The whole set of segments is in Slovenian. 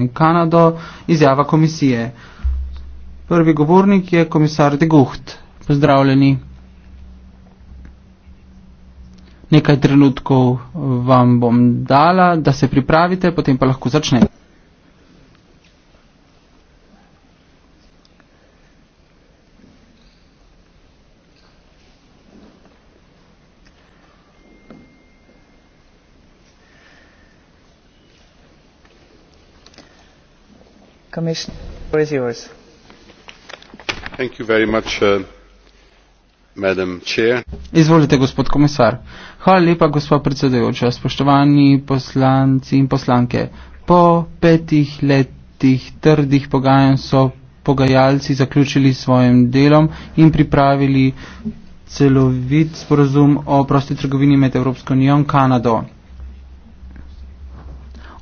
in Kanado, izjava komisije. Prvi govornik je komisar De Gucht. Pozdravljeni. Nekaj trenutkov vam bom dala, da se pripravite, potem pa lahko začnete. Uh, Hvala lepa, gospod predsedujoča. Spoštovani poslanci in poslanke, po petih letih trdih pogajanj so pogajalci zaključili svojim delom in pripravili celovit sporozum o prosti trgovini med Evropsko unijo in Kanado.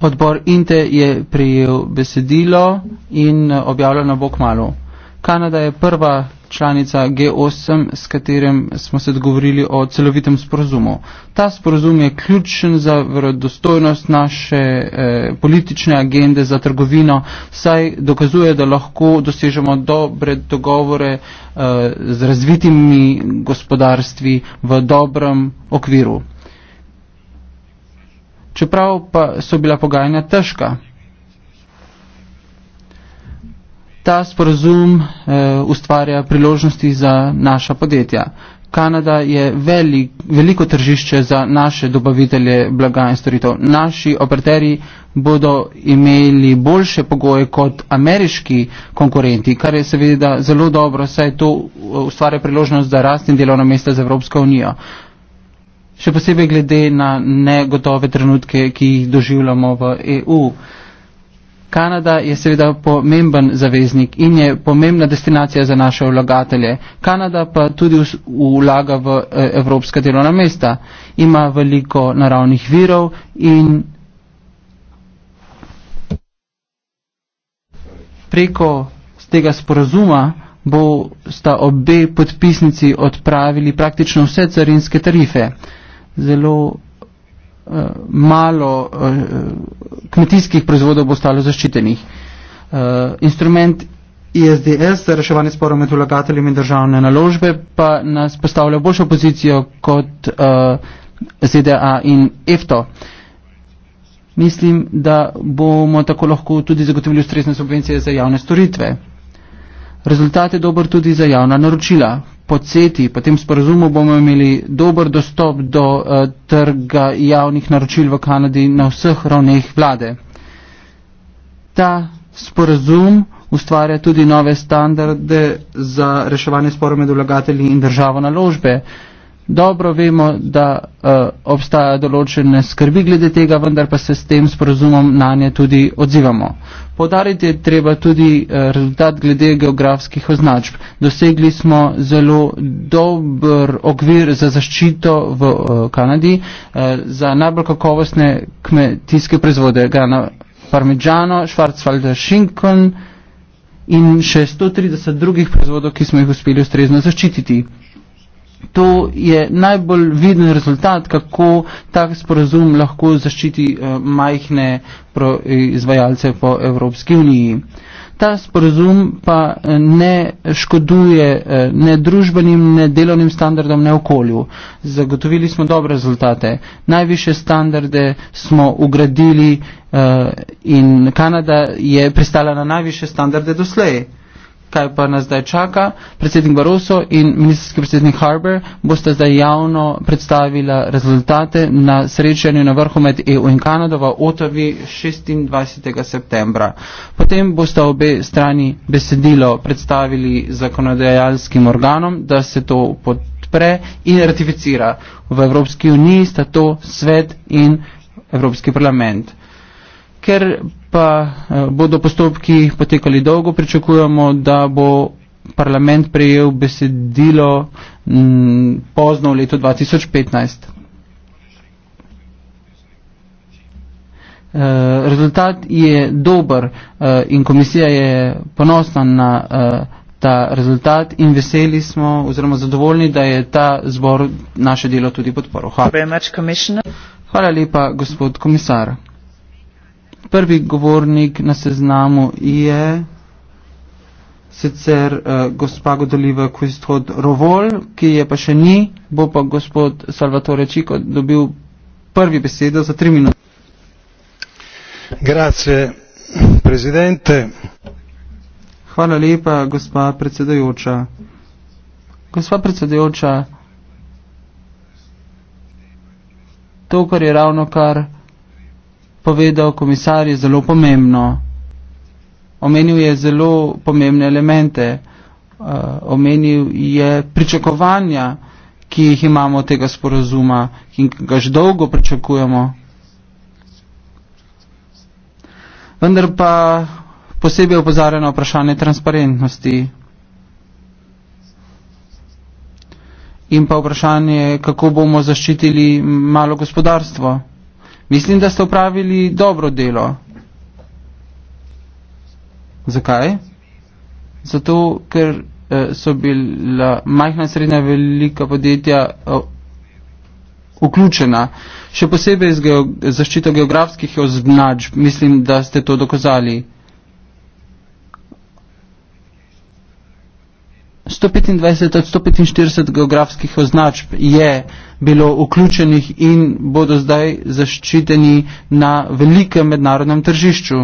Odbor INTE je prijel besedilo in eh, objavljeno bo kmalo. Kanada je prva članica G8, s katerim smo se dogovorili o celovitem sporozumu. Ta sporozum je ključen za verodostojnost naše e, politične agende za trgovino, saj dokazuje, da lahko dosežemo dobre dogovore e, z razvitimi gospodarstvi v dobrem okviru čeprav pa so bila pogajanja težka. Ta sporozum e, eh, ustvarja priložnosti za naša podjetja. Kanada je velik, veliko tržišče za naše dobavitelje blaga in storitev. Naši operaterji bodo imeli boljše pogoje kot ameriški konkurenti, kar je seveda zelo dobro, saj to eh, ustvarja priložnost za rast in delovna mesta z Evropsko unijo še posebej glede na negotove trenutke, ki jih doživljamo v EU. Kanada je seveda pomemben zaveznik in je pomembna destinacija za naše vlagatelje. Kanada pa tudi vlaga v eh, evropska delovna mesta. Ima veliko naravnih virov in preko tega sporazuma bo sta obe podpisnici odpravili praktično vse carinske tarife zelo uh, malo uh, kmetijskih proizvodov bo ostalo zaščitenih. Uh, instrument ISDS za reševanje sporov med vlagateljem in državne naložbe pa nas postavlja v boljšo pozicijo kot uh, ZDA in EFTO. Mislim, da bomo tako lahko tudi zagotovili ustrezne subvencije za javne storitve. Rezultat je dober tudi za javna naročila po CETI, po tem sporazumu bomo imeli dober dostop do uh, trga javnih naročil v Kanadi na vseh ravneh vlade. Ta sporazum ustvarja tudi nove standarde za reševanje sporo med vlagatelji in državo naložbe. Uh, Dobro vemo, da uh, obstajajo določene skrbi glede tega, vendar pa se s tem sporozumom na nje tudi odzivamo. Podariti je treba tudi uh, rezultat glede geografskih označb. Dosegli smo zelo dober okvir za zaščito v uh, Kanadi uh, za najbolj kakovostne kmetijske proizvode. Gana Parmigiano, Schwarzwalder Schinken in še 130 drugih proizvodov, ki smo jih uspeli ustrezno zaščititi. To je najbolj viden rezultat, kako tak sporazum lahko zaščiti eh, majhne izvajalce po Evropski uniji. Ta sporazum pa eh, ne škoduje eh, ne družbenim, ne delovnim standardom, ne okolju. Zagotovili smo dobre rezultate. Najviše standarde smo ugradili in Kanada je pristala na najviše standarde doslej kaj pa nas zdaj čaka. Predsednik Baroso in ministrski predsednik Harbour bosta zdaj javno predstavila rezultate na srečanju na vrhu med EU in Kanado v Otavi 26. septembra. Potem bosta obe strani besedilo predstavili zakonodajalskim organom, da se to podpre in ratificira. V Evropski uniji sta to svet in Evropski parlament. Ker pa eh, bodo postopki potekali dolgo. Pričakujemo, da bo parlament prejel besedilo mm, pozno v letu 2015. Eh, rezultat je dober eh, in komisija je ponosna na ta rezultat in veseli smo oziroma zadovoljni, da je ta zbor naše delo tudi podporil. Hvala. Hvala lepa, gospod komisar prvi govornik na seznamu je sicer uh, gospa Godoliva Kvistod Rovol, ki je pa še ni, bo pa gospod Salvatore Čiko dobil prvi besedo za tri minute. Grazie, prezidente. Hvala lepa, gospa predsedajoča. Gospa predsedajoča, to, kar je ravno kar povedal komisar, je zelo pomembno. Omenil je zelo pomembne elemente, uh, omenil je pričakovanja, ki jih imamo od tega sporazuma in ki ga že dolgo pričakujemo. Vendar pa posebej opozarjeno vprašanje transparentnosti in pa vprašanje, kako bomo zaščitili malo gospodarstvo. Mislim, da ste upravili dobro delo. Zakaj? Zato, ker eh, so bila majhna srednja velika podjetja eh, vključena. Še posebej z geog zaščito geografskih označb, mislim, da ste to dokazali. 125 od 145 geografskih označb je bilo vključenih in bodo zdaj zaščiteni na velikem mednarodnem tržišču.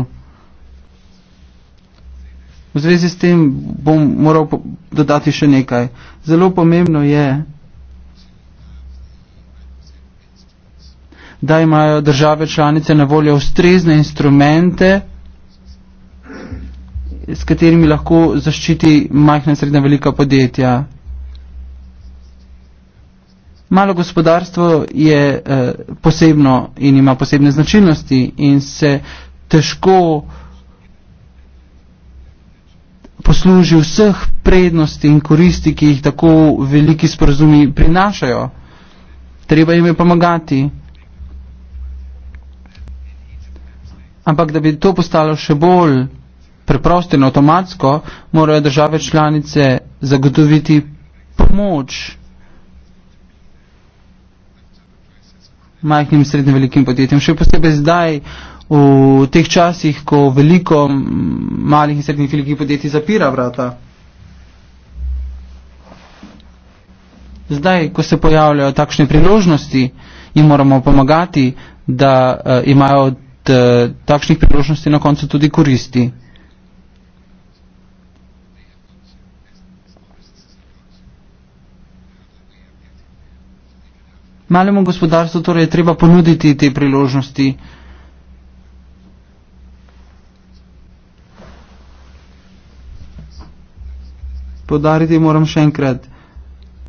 V zvezi s tem bom moral dodati še nekaj. Zelo pomembno je, da imajo države članice na voljo ustrezne instrumente, s katerimi lahko zaščiti majhna in srednja velika podjetja. Malo gospodarstvo je eh, posebno in ima posebne značilnosti in se težko posluži vseh prednosti in koristi, ki jih tako veliki sporazumi prinašajo. Treba jim je pomagati. Ampak da bi to postalo še bolj preprosto in avtomatsko morajo države članice zagotoviti pomoč majhnim in srednjim velikim podjetjem. Še posebej zdaj, v teh časih, ko veliko malih in srednjih velikih podjetij zapira vrata. Zdaj, ko se pojavljajo takšne priložnosti in moramo pomagati, da uh, imajo od uh, eh, takšnih priložnosti na koncu tudi koristi. Malemu gospodarstvu torej je treba ponuditi te priložnosti. Podariti moram še enkrat,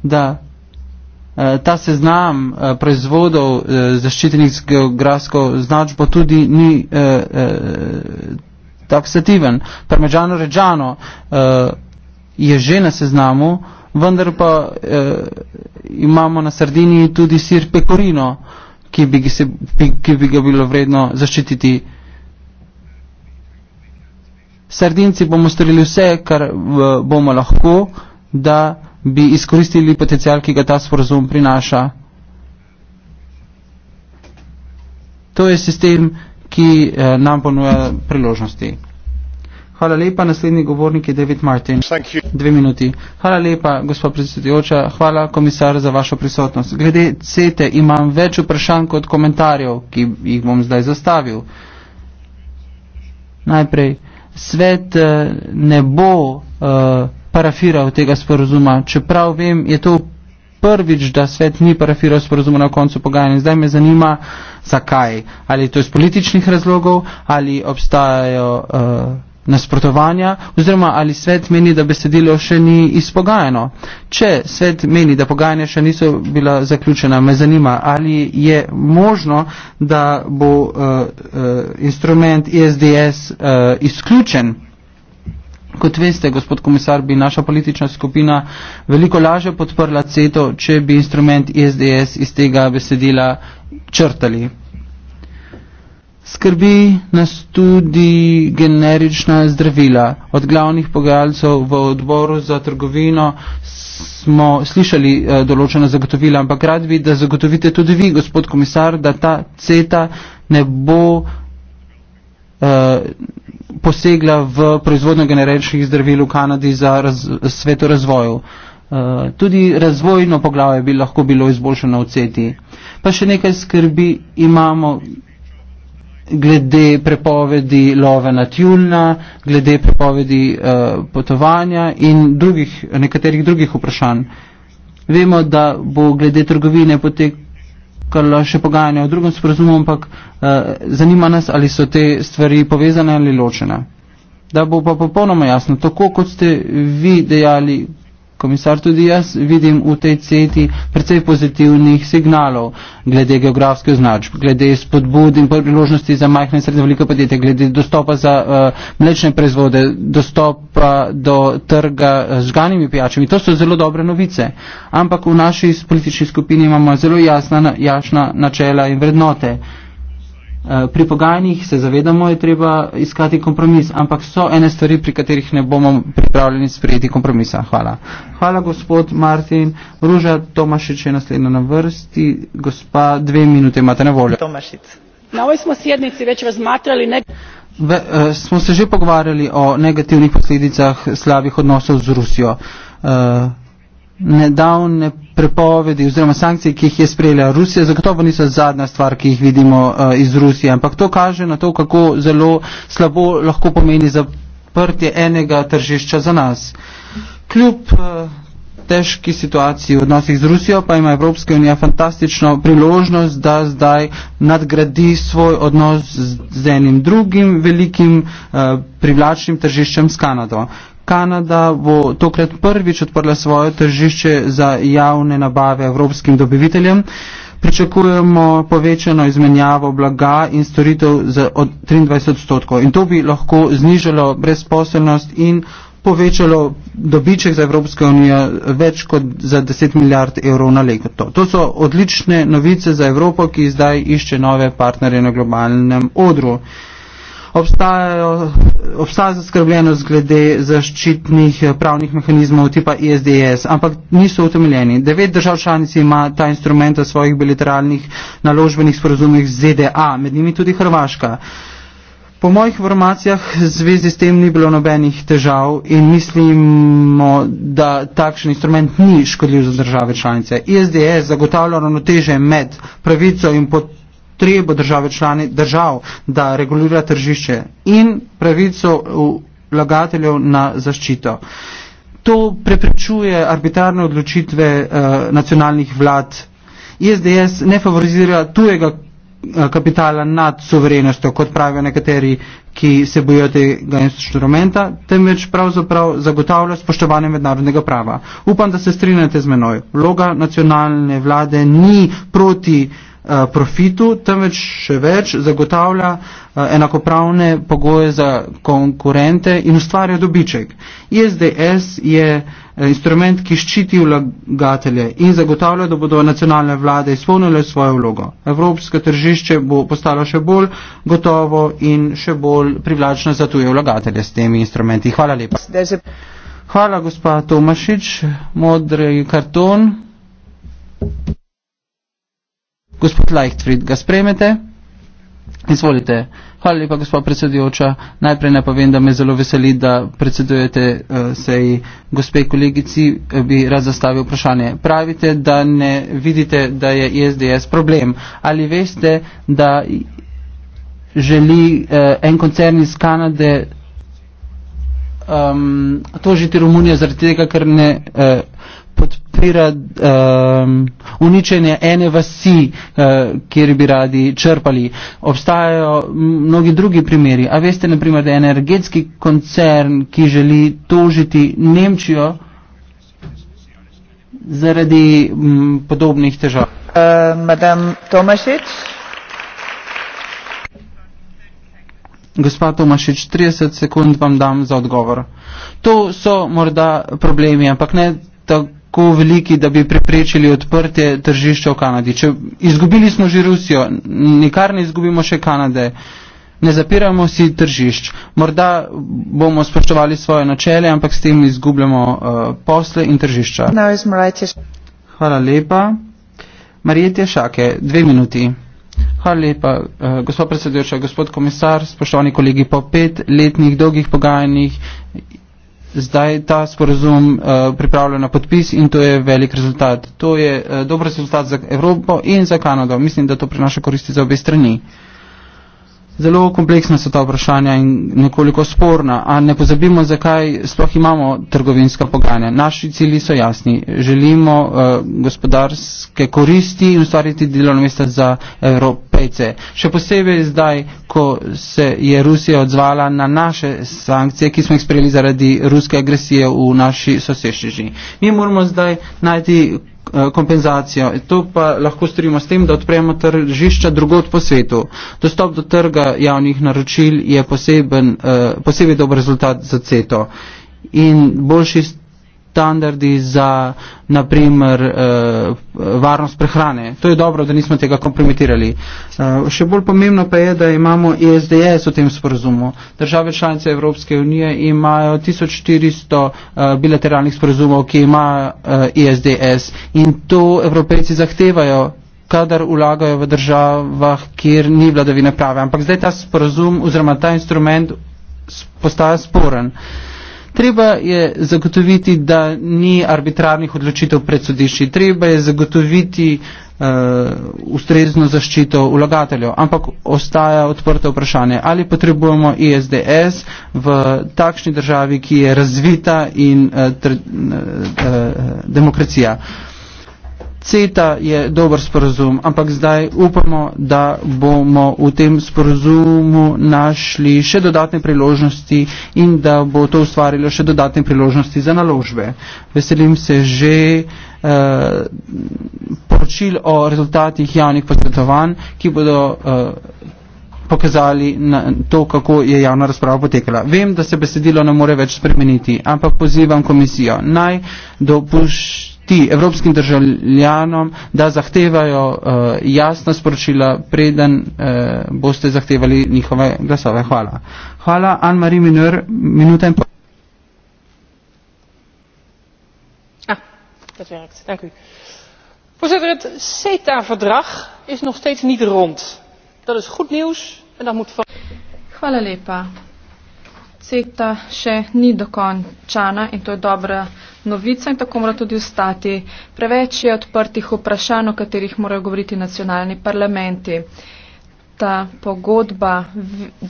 da eh, ta seznam eh, proizvodov eh, zaščitenih z geografsko značbo tudi ni taksativen. Parmežano Ređano je že na seznamu, vendar pa eh, imamo na Sardiniji tudi sir pekorino, ki bi, se, ki bi ga bilo vredno zaščititi. Sardinci bomo storili vse, kar bomo lahko, da bi izkoristili potencial, ki ga ta sporozum prinaša. To je sistem, ki eh, nam ponuja priložnosti. Hvala lepa, naslednji govornik je David Martin. Dve minuti. Hvala lepa, gospod predsedujoča, hvala komisar za vašo prisotnost. Glede CETE imam več vprašanj kot komentarjev, ki jih bom zdaj zastavil. Najprej, svet eh, ne bo uh, parafiral tega sporozuma, čeprav vem, je to prvič, da svet ni parafiral sporozuma na koncu pogajanja. Zdaj me zanima, zakaj. Ali to je to iz političnih razlogov, ali obstajajo. Uh, nasprotovanja oziroma ali svet meni, da besedilo še ni izpogajano. Če svet meni, da pogajanja še niso bila zaključena, me zanima, ali je možno, da bo uh, uh, instrument ISDS e uh, eh, izključen. Kot veste, gospod komisar, bi naša politična skupina veliko laže podprla CETO, če bi instrument ISDS e iz tega besedila črtali. Skrbi nas tudi generična zdravila. Od glavnih pogajalcev v odboru za trgovino smo slišali eh, določena zagotovila, ampak rad bi, da zagotovite tudi vi, gospod komisar, da ta CETA ne bo eh, posegla v proizvodnjo generičnih zdravil v Kanadi za raz, sveto razvoju. Uh, tudi razvojno poglavje bi lahko bilo izboljšano v CETI. Pa še nekaj skrbi imamo, glede prepovedi love na tjulna, glede prepovedi uh, potovanja in drugih, nekaterih drugih vprašanj. Vemo, da bo glede trgovine potekalo še pogajanje o drugem sporazumu, ampak uh, zanima nas, ali so te stvari povezane ali ločene. Da bo pa popolnoma jasno, tako kot ste vi dejali, komisar, tudi jaz vidim v tej ceti precej pozitivnih signalov glede geografske označb, glede spodbud in priložnosti za majhne in srednje velike podjetja, glede dostopa za uh, mlečne proizvode, dostopa do trga z žganimi pijačami. To so zelo dobre novice. Ampak v naši politični skupini imamo zelo jasna, jasna načela in vrednote. Eh, pri pogajanjih se zavedamo, da je treba iskati kompromis, ampak so ene stvari, pri katerih ne bomo pripravljeni sprejeti kompromisa. Hvala. Hvala, gospod Martin. Ruža Tomašič je naslednja na vrsti. Gospa, dve minute imate na voljo. Tomašič. Na ovoj smo sjednici već razmatrali Ve, uh, smo se že pogovarjali o negativnih posledicah slabih odnosov z Rusijo. Uh, nedavne prepovedi oziroma sankcije, ki jih je sprejela Rusija, zagotovo niso zadnja stvar, ki jih vidimo uh, iz Rusije, ampak to kaže na to, kako zelo slabo lahko pomeni zaprtje enega tržišča za nas. Kljub uh, težki situaciji v odnosih z Rusijo pa ima Evropska unija fantastično priložnost, da zdaj nadgradi svoj odnos z, z enim drugim velikim uh, privlačnim tržiščem s Kanado. Uh, Kanada bo tokrat prvič odprla svoje tržišče za javne nabave evropskim dobaviteljem. Pričakujemo povečano izmenjavo blaga in storitev za 23 odstotkov. In to bi lahko znižalo brezposelnost in povečalo dobiček za Evropsko unijo več kot za 10 milijard evrov na leto. To so odlične novice za Evropo, ki zdaj išče nove partnerje na globalnem odru obstajajo, obstaja zaskrbljenost glede zaščitnih eh, pravnih mehanizmov tipa ISDS, ampak niso utemeljeni. Devet držav članic ima ta instrument v svojih bilateralnih naložbenih sporozumih z ZDA, med njimi tudi Hrvaška. Po mojih informacijah v zvezi s tem ni bilo nobenih težav in mislimo, da takšen instrument ni škodljiv za države članice. ISDS zagotavlja ravnoteže med pravico in potrebo potrebo države člani držav, da regulira tržišče in pravico vlagateljev na zaščito. To preprečuje arbitrarne odločitve eh, nacionalnih vlad. ISDS ne favorizira tujega eh, kapitala nad suverenostjo, kot pravijo nekateri, ki se bojijo tega instrumenta, temveč pravzaprav zagotavlja spoštovanje mednarodnega prava. Upam, da se strinjate z menoj. Vloga nacionalne vlade ni proti eh, Eh, profitu, temveč še več zagotavlja eh, enakopravne pogoje za konkurente in ustvarja dobiček. ISDS je eh, instrument, ki ščiti vlagatelje in zagotavlja, da bodo nacionalne vlade izpolnile svojo vlogo. Evropsko tržišče bo postalo še bolj gotovo in še bolj privlačno za tuje vlagatelje s temi instrumenti. Hvala lepa. Hvala, gospa Tomašič, modri karton. Gospod Leichtfried, ga spremete? Izvolite. Hvala lepa, gospod predsedujoča. Najprej ne povem, da me zelo veseli, da predsedujete uh, eh, sej. Gospe kolegici eh, bi rad zastavil vprašanje. Pravite, da ne vidite, da je SDS e problem. Ali veste, da želi uh, en koncern iz Kanade um, tožiti Romunijo zaradi tega, ker ne. Uh, podpira um, uničenje ene vasi, uh, kjer bi radi črpali. Obstajajo mnogi drugi primeri. A veste, naprimer, da je energetski koncern, ki želi tožiti Nemčijo zaradi um, podobnih težav. Uh, eh, Madame Tomašič. Gospa Tomašič, 30 sekund vam dam za odgovor. To so morda problemi, ampak ne tako tako veliki, da bi preprečili odprtje tržišča v Kanadi. Če izgubili smo že Rusijo, nikar ne izgubimo še Kanade. Ne zapiramo si tržišč. Morda bomo spoštovali svoje načele, ampak s tem izgubljamo uh, posle in tržišča. Hvala lepa. Marijete Šake, dve minuti. Hvala lepa, uh, gospod predsedujoča, gospod komisar, spoštovani kolegi, po pet letnih dolgih pogajanjih zdaj ta sporazum uh, pripravlja na podpis in to je velik rezultat. To je uh, dober rezultat za Evropo in za Kanado. Mislim, da to prinaša koristi za obe strani. Uh, zelo kompleksna so ta vprašanja in nekoliko sporna. A ne pozabimo, zakaj sploh imamo trgovinska pogajanja. Naši cilji so jasni. Želimo uh, gospodarske koristi in ustvariti delovno mesto za Evropejce. Še posebej zdaj, ko se je Rusija odzvala na naše sankcije, ki smo jih sprejeli zaradi ruske agresije v naši soseščini. Mi moramo zdaj najti Eh, kompenzacijo. To pa lahko storimo s tem, da odpremo tržišča drugot po svetu. Dostop do trga javnih naročil je poseben, eh, posebej dober rezultat za CETO. In boljši standardi za, naprimer, eh, varnost prehrane. To je dobro, da nismo tega kompromitirali. Eh, še bolj pomembno pa je, da imamo ISDS e v tem sporozumu. Države članice Evropske unije imajo 1400 eh, bilateralnih sporozumov, ki ima ISDS e in to evropejci zahtevajo kadar vlagajo v državah, kjer ni vladavine prave. Ampak zdaj ta sporozum oziroma ta instrument postaja sporen. Uh, Treba je zagotoviti, da ni arbitrarnih odločitev pred sodišči. Treba je zagotoviti uh, ustrezno zaščito vlagateljev. Ampak ostaja odprto vprašanje, ali potrebujemo ISDS v takšni državi, ki je razvita in uh, tr, uh, uh, demokracija. Uh, CETA je dober sporozum, ampak zdaj upamo, da bomo v tem sporozumu našli še dodatne priložnosti in da bo to ustvarilo še dodatne priložnosti za naložbe. Veselim se že eh, poročil o rezultatih javnih posvetovanj, ki bodo eh, pokazali na to, kako je javna razprava potekala. Vem, da se besedilo ne more več spremeniti, ampak pozivam komisijo naj dopušča ti evropskim državljanom, da zahtevajo uh, jasna sporočila, preden uh, boste zahtevali njihove glasove. Hvala. Hvala, Anne-Marie Minur, minuta in pol. Ah, dat werkt, dank u. Voorzitter, het CETA-verdrag is nog steeds niet rond. Dat is goed nieuws en dat moet van. Hvala lepa. CETA še ni dokončana in to je dobra novica in tako mora tudi ostati. Preveč je odprtih vprašanj, o katerih morajo govoriti nacionalni parlamenti. Ta pogodba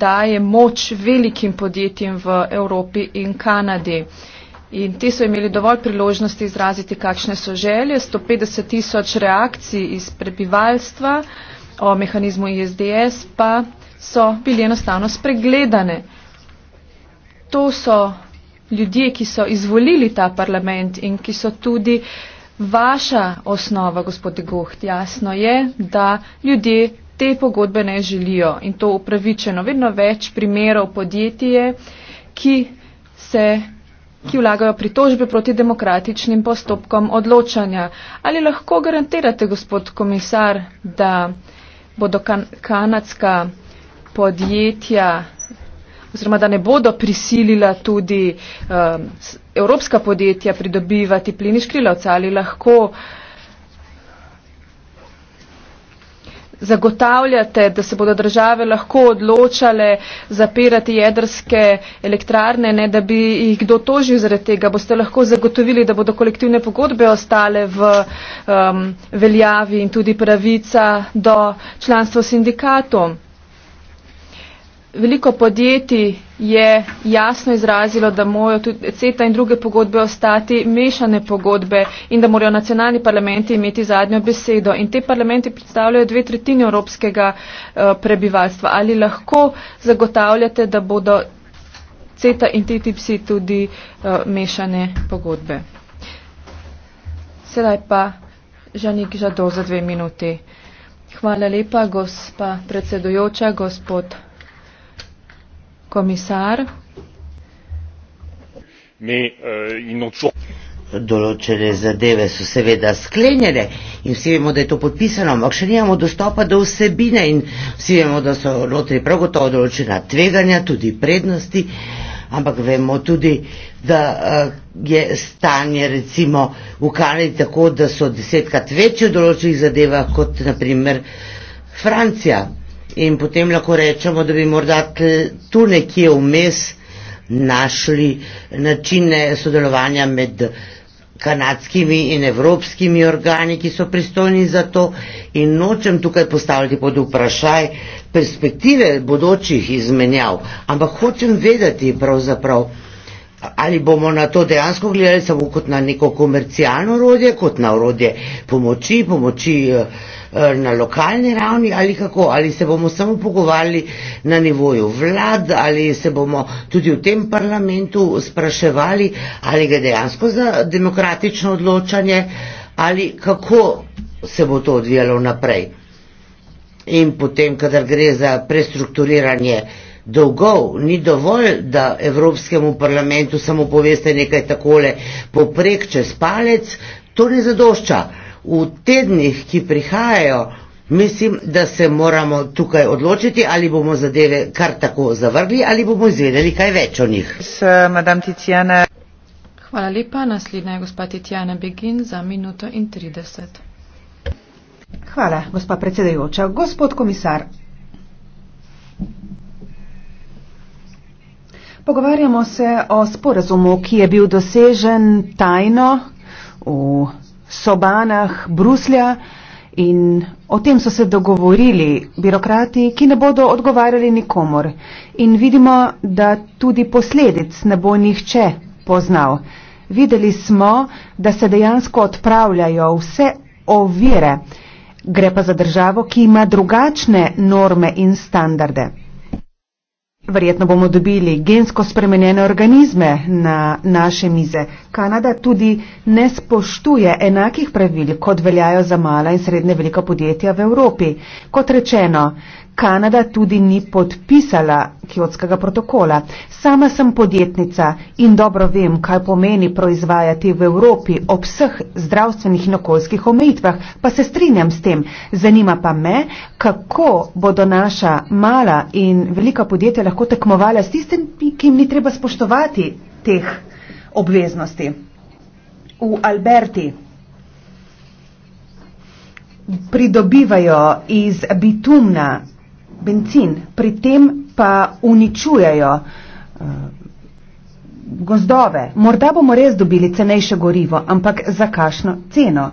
daje moč velikim podjetjem v Evropi in Kanadi. In ti so imeli dovolj priložnosti izraziti, kakšne so želje. 150 tisoč reakcij iz prebivalstva o mehanizmu ISDS pa so bili enostavno spregledane to so ljudje, ki so izvolili ta parlament in ki so tudi vaša osnova, gospod Goht. Jasno je, da ljudje te pogodbe ne želijo in to upravičeno. Vedno več primerov podjetije, ki se ki vlagajo pritožbe proti demokratičnim postopkom odločanja. Ali lahko garantirate, gospod komisar, da bodo kan kanadska podjetja oziroma da ne bodo prisilila tudi um, evropska podjetja pridobivati plini škrilavca ali lahko zagotavljate, da se bodo države lahko odločale zapirati jedrske elektrarne, ne da bi jih kdo tožil zaradi tega. Boste lahko zagotovili, da bodo kolektivne pogodbe ostale v um, veljavi in tudi pravica do članstva sindikatov. Veliko podjetij je jasno izrazilo, da morajo tudi CETA in druge pogodbe ostati mešane pogodbe in da morajo nacionalni parlamenti imeti zadnjo besedo. In te parlamenti predstavljajo dve tretjini evropskega uh, prebivalstva. Ali lahko zagotavljate, da bodo CETA in TTIP-C tudi uh, mešane pogodbe? Sedaj pa Žanik Žado za dve minuti. Hvala lepa, gospa predsedujoča, gospod komisar eh, Določene zadeve so seveda sklenjene in vsi vemo, da je to podpisano, ampak še nimamo dostopa do vsebine in vsi vemo, da so notri prav gotovo določena tveganja, tudi prednosti, ampak vemo tudi, da eh, je stanje recimo v Kanadi tako, da so desetkrat večje v določenih zadevah kot naprimer Francija in potem lahko rečemo, da bi morda tu nekje vmes našli načine sodelovanja med kanadskimi in evropskimi organi, ki so pristojni za to in nočem tukaj postavljati pod vprašaj perspektive bodočih izmenjav, ampak hočem vedeti pravzaprav, ali bomo na to dejansko gledali samo kot na neko komercialno orodje, kot na orodje pomoči, pomoči eh, eh, na lokalni ravni ali kako, ali se bomo samo pogovarjali na nivoju vlad, ali se bomo tudi v tem parlamentu spraševali, ali gre dejansko za demokratično odločanje, ali kako se bo to odvijalo naprej. In potem, kadar gre za prestrukturiranje dolgov, ni dovolj, da Evropskemu parlamentu samo poveste nekaj takole poprek čez palec, to ne zadošča. V tednih, ki prihajajo, mislim, da se moramo tukaj odločiti, ali bomo zadeve kar tako zavrli ali bomo izvedeli kaj več o njih. S, eh, Hvala lepa. Naslednja je gospa Titjana Begin za minuto in 30. Hvala, gospa predsedajoča. Gospod komisar, Pogovarjamo se o sporazumu, ki je bil dosežen tajno v sobanah Bruslja in o tem so se dogovorili birokrati, ki ne bodo odgovarjali nikomor. In vidimo, da tudi posledic ne bo nihče poznal. Videli smo, da se dejansko odpravljajo vse ovire. Gre pa za državo, ki ima drugačne norme in standarde. Verjetno bomo dobili gensko spremenjene organizme na naše mize. Kanada tudi ne spoštuje enakih pravil, kot veljajo za mala in srednje velika podjetja v Evropi. Kot rečeno, Kanada tudi ni podpisala kjotskega protokola. Sama sem podjetnica in dobro vem, kaj pomeni proizvajati v Evropi ob vseh zdravstvenih in okoljskih omejitvah, pa se strinjam s tem. Zanima pa me, kako bodo naša mala in velika podjetja lahko tekmovala s tistimi, ki jim ni treba spoštovati teh obveznosti. V Alberti pridobivajo iz bitumna bencin, pri tem pa uničujejo eh, gozdove. Morda bomo res dobili cenejše gorivo, ampak za kašno ceno.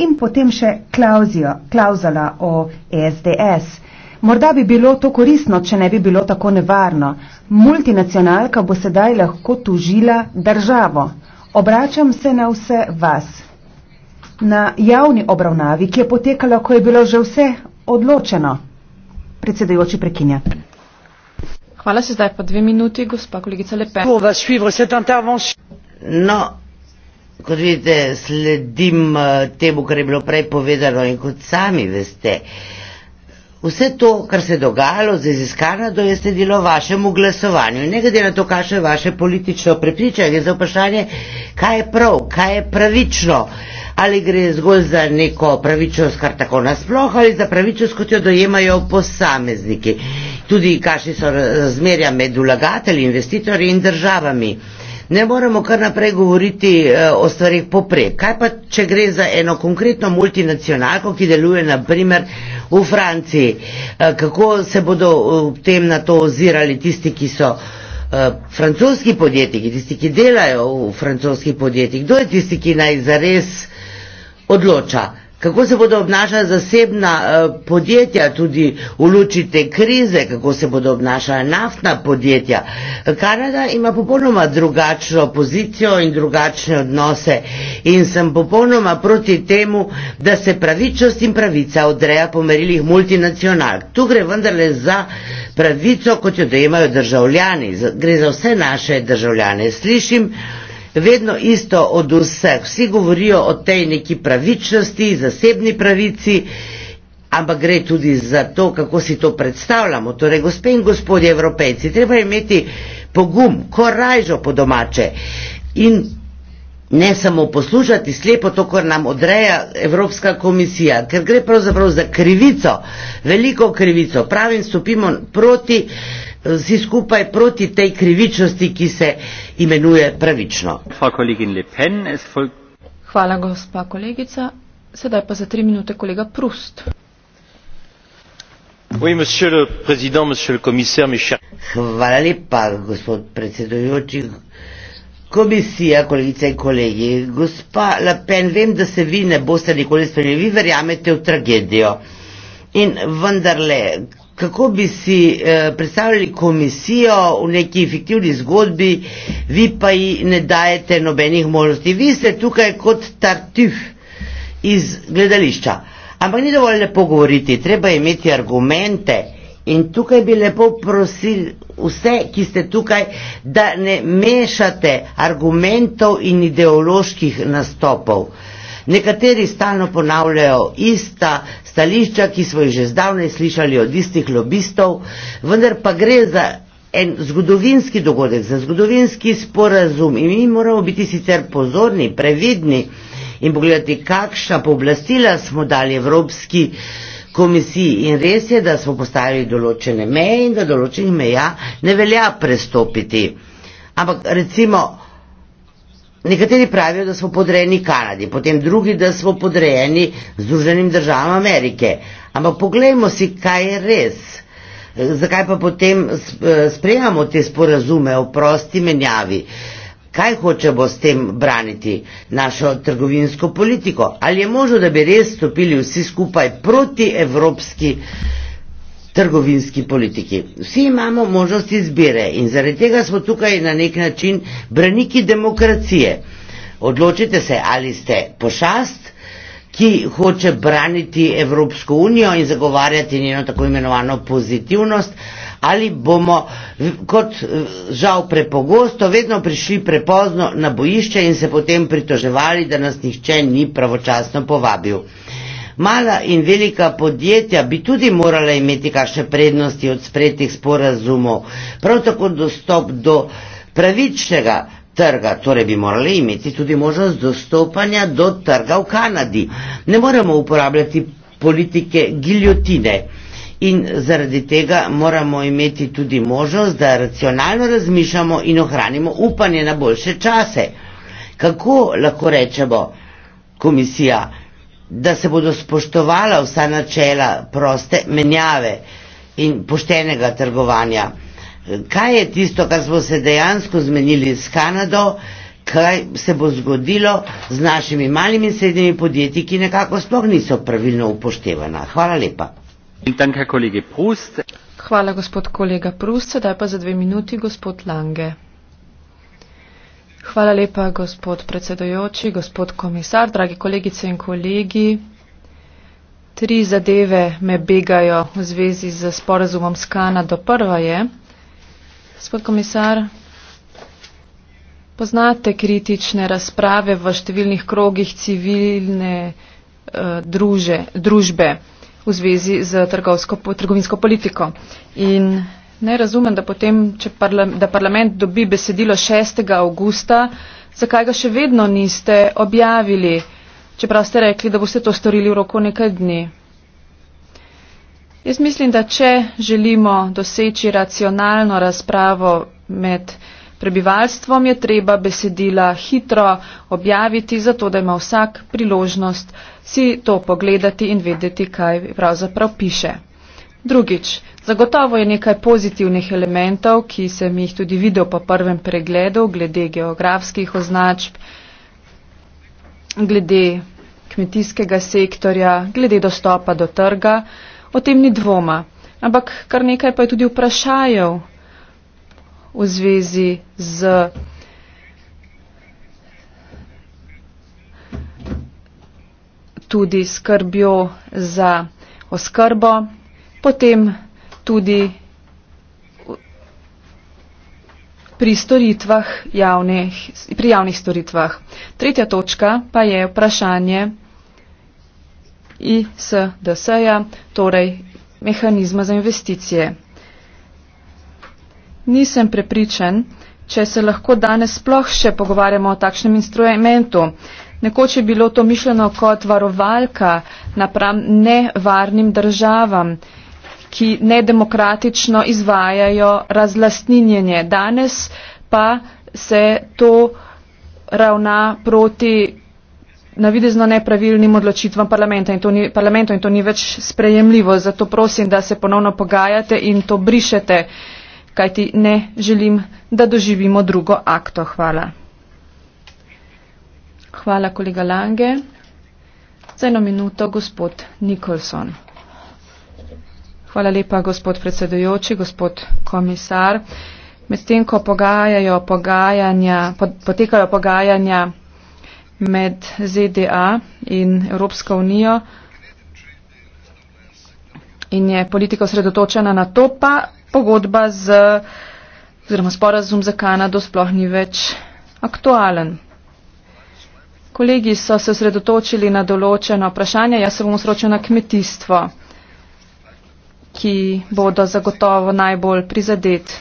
In potem še klauzijo, klauzala o SDS. E Morda bi bilo to korisno, če ne bi bilo tako nevarno. Multinacionalka bo sedaj lahko tužila državo. Obračam se na vse vas. Na javni obravnavi, ki je potekala, ko je bilo že vse odločeno. Predsedajoči prekinja. Hvala se zdaj pa dve minuti, gospa kolegica Lepen. No, kot vidite, sledim eh, temu, kar je bilo prej povedano in kot sami veste, uh, Vse to, kar se je dogajalo z iziskanjem, je sledilo vašemu glasovanju. Ne glede na to, kakšno je vaše politično prepričanje, je za vprašanje, kaj je prav, kaj je pravično. Ali gre zgolj za neko pravičnost, kar tako nasploh, ali za pravičnost, kot jo dojemajo posamezniki. Tudi kakšne so razmerja med vlagatelji, investitorji in državami ne moremo kar naprej govoriti eh, o stvarih poprej. Kaj pa, če gre za eno konkretno multinacionalko, ki deluje naprimer v Franciji? Eh, kako se bodo v eh, tem na to ozirali tisti, ki so francoski podjetniki, tisti, ki delajo v francoskih podjetjih? Kdo je tisti, ki naj zares odloča? kako se bodo obnašala zasebna eh, podjetja tudi v luči te krize, kako se bodo obnašala naftna podjetja. Kanada ima popolnoma drugačno pozicijo in drugačne odnose in sem popolnoma proti temu, da se pravičnost in pravica odreja po merilih multinacionalk. Tu gre vendarle za pravico, kot jo dojemajo državljani, gre za vse naše državljane. Slišim, vedno isto od vseh. Vsi govorijo o tej neki pravičnosti, zasebni pravici, ampak gre tudi za to, kako si to predstavljamo. Torej, gospe in gospodje evropejci, treba imeti pogum, korajžo po domače in ne samo poslušati slepo to, kar nam odreja Evropska komisija, ker gre pravzaprav za krivico, veliko krivico. Pravim, stopimo proti vsi skupaj proti tej krivičnosti, ki se imenuje pravično. Hvala, gospa kolegica. Sedaj pa za tri minute kolega Prust. Oui, monsieur le président, monsieur le commissaire, mes chers. Hvala lepa, gospod predsedujoči. Komisija, kolegice in kolegi, gospa Lapen, vem, da se vi ne boste nikoli spremljali, vi verjamete v tragedijo. In vendarle, kako bi si eh, predstavljali komisijo v neki fiktivni zgodbi, vi pa ji ne dajete nobenih možnosti. Vi ste tukaj kot tartif iz gledališča. Ampak ni dovolj lepo govoriti, treba imeti argumente. In tukaj bi lepo prosil vse, ki ste tukaj, da ne mešate argumentov in ideoloških nastopov. Uh, Nekateri stalno ponavljajo ista stališča, ki smo jih že zdavnaj slišali od istih lobistov, vendar pa gre za en zgodovinski dogodek, za zgodovinski sporazum in mi moramo biti sicer pozorni, previdni in pogledati, kakšna pooblastila smo dali Evropski komisiji in res je, da smo postavili določene meje in da določenih meja ne velja prestopiti. Ampak recimo, Nekateri pravijo, da smo podrejeni Kanadi, potem drugi, da smo podrejeni Združenim državam Amerike. Ampak poglejmo si, kaj je res. Zakaj pa potem eh, sprejemamo te sporazume o prosti menjavi? Kaj hočemo s tem braniti našo trgovinsko politiko? Ali je možno, da bi res stopili vsi skupaj proti evropski politiki? trgovinski politiki. Vsi imamo možnost izbire in zaradi tega smo tukaj na nek način braniki demokracije. Odločite se, ali ste pošast, ki hoče braniti Evropsko unijo in zagovarjati njeno tako imenovano pozitivnost, ali bomo, kot žal prepogosto, vedno prišli prepozno na bojišče in se potem pritoževali, da nas nihče ni pravočasno povabil. Mala in velika podjetja bi tudi morala imeti kakšne prednosti od spretnih sporazumov, prav tako dostop do pravičnega trga, torej bi morali imeti tudi možnost dostopanja do trga v Kanadi. Ne moremo uporabljati politike giljotine in zaradi tega moramo imeti tudi možnost, da racionalno razmišljamo in ohranimo upanje na boljše čase. Kako lahko rečemo, komisija, da se bodo spoštovala vsa načela proste menjave in poštenega trgovanja. Kaj je tisto, kar smo se dejansko zmenili s Kanado, kaj se bo zgodilo z našimi malimi in srednjimi podjetji, ki nekako sploh niso pravilno upoštevana. Hvala lepa. Hvala gospod kolega Prust, sedaj pa za dve minuti gospod Lange. Hvala lepa, gospod predsedojoči, gospod komisar, dragi kolegice in kolegi. Tri zadeve me begajo v zvezi z sporazumom s Kanado. Prva je, gospod komisar, poznate kritične razprave v številnih krogih civilne uh, druže, družbe v zvezi z trgovsko, trgovinsko politiko. In ne razumem, da, potem, parla, da parlament dobi besedilo 6. augusta, zakaj ga še vedno niste objavili, čeprav ste rekli, da boste to storili v roku nekaj dni. Jaz mislim, da če želimo doseči racionalno razpravo med prebivalstvom, je treba besedila hitro objaviti, zato da ima vsak priložnost si to pogledati in vedeti, kaj pravzaprav piše. Drugič, Zagotovo je nekaj pozitivnih elementov, ki sem jih tudi videl po prvem pregledu, glede geografskih označb, glede kmetijskega sektorja, glede dostopa do trga. O tem ni dvoma. Ampak kar nekaj pa je tudi vprašajev v zvezi z. tudi skrbjo za oskrbo, potem tudi pri storitvah javnih, pri javnih storitvah. Tretja točka pa je vprašanje ISDS-ja, torej mehanizma za investicije. Nisem prepričan, če se lahko danes sploh še pogovarjamo o takšnem instrumentu. Nekoč je bilo to mišljeno kot varovalka napram nevarnim državam ki nedemokratično izvajajo razlastninjenje. Danes pa se to ravna proti navidezno nepravilnim odločitvam parlamenta in to ni, parlamentu in to ni več sprejemljivo. Zato prosim, da se ponovno pogajate in to brišete, kajti ne želim, da doživimo drugo akto. Hvala. Hvala, kolega Lange. Za eno minuto, gospod Nikolson. Hvala lepa, gospod predsedujoči, gospod komisar. Medtem, ko pogajajo pogajanja, potekajo pogajanja med ZDA in Evropsko unijo in je politika osredotočena na to, pa pogodba z, oziroma sporazum za Kanado sploh ni več aktualen. Kolegi so se osredotočili na določeno vprašanje, jaz se bom osredotočil na kmetijstvo ki bodo zagotovo najbolj prizadeti.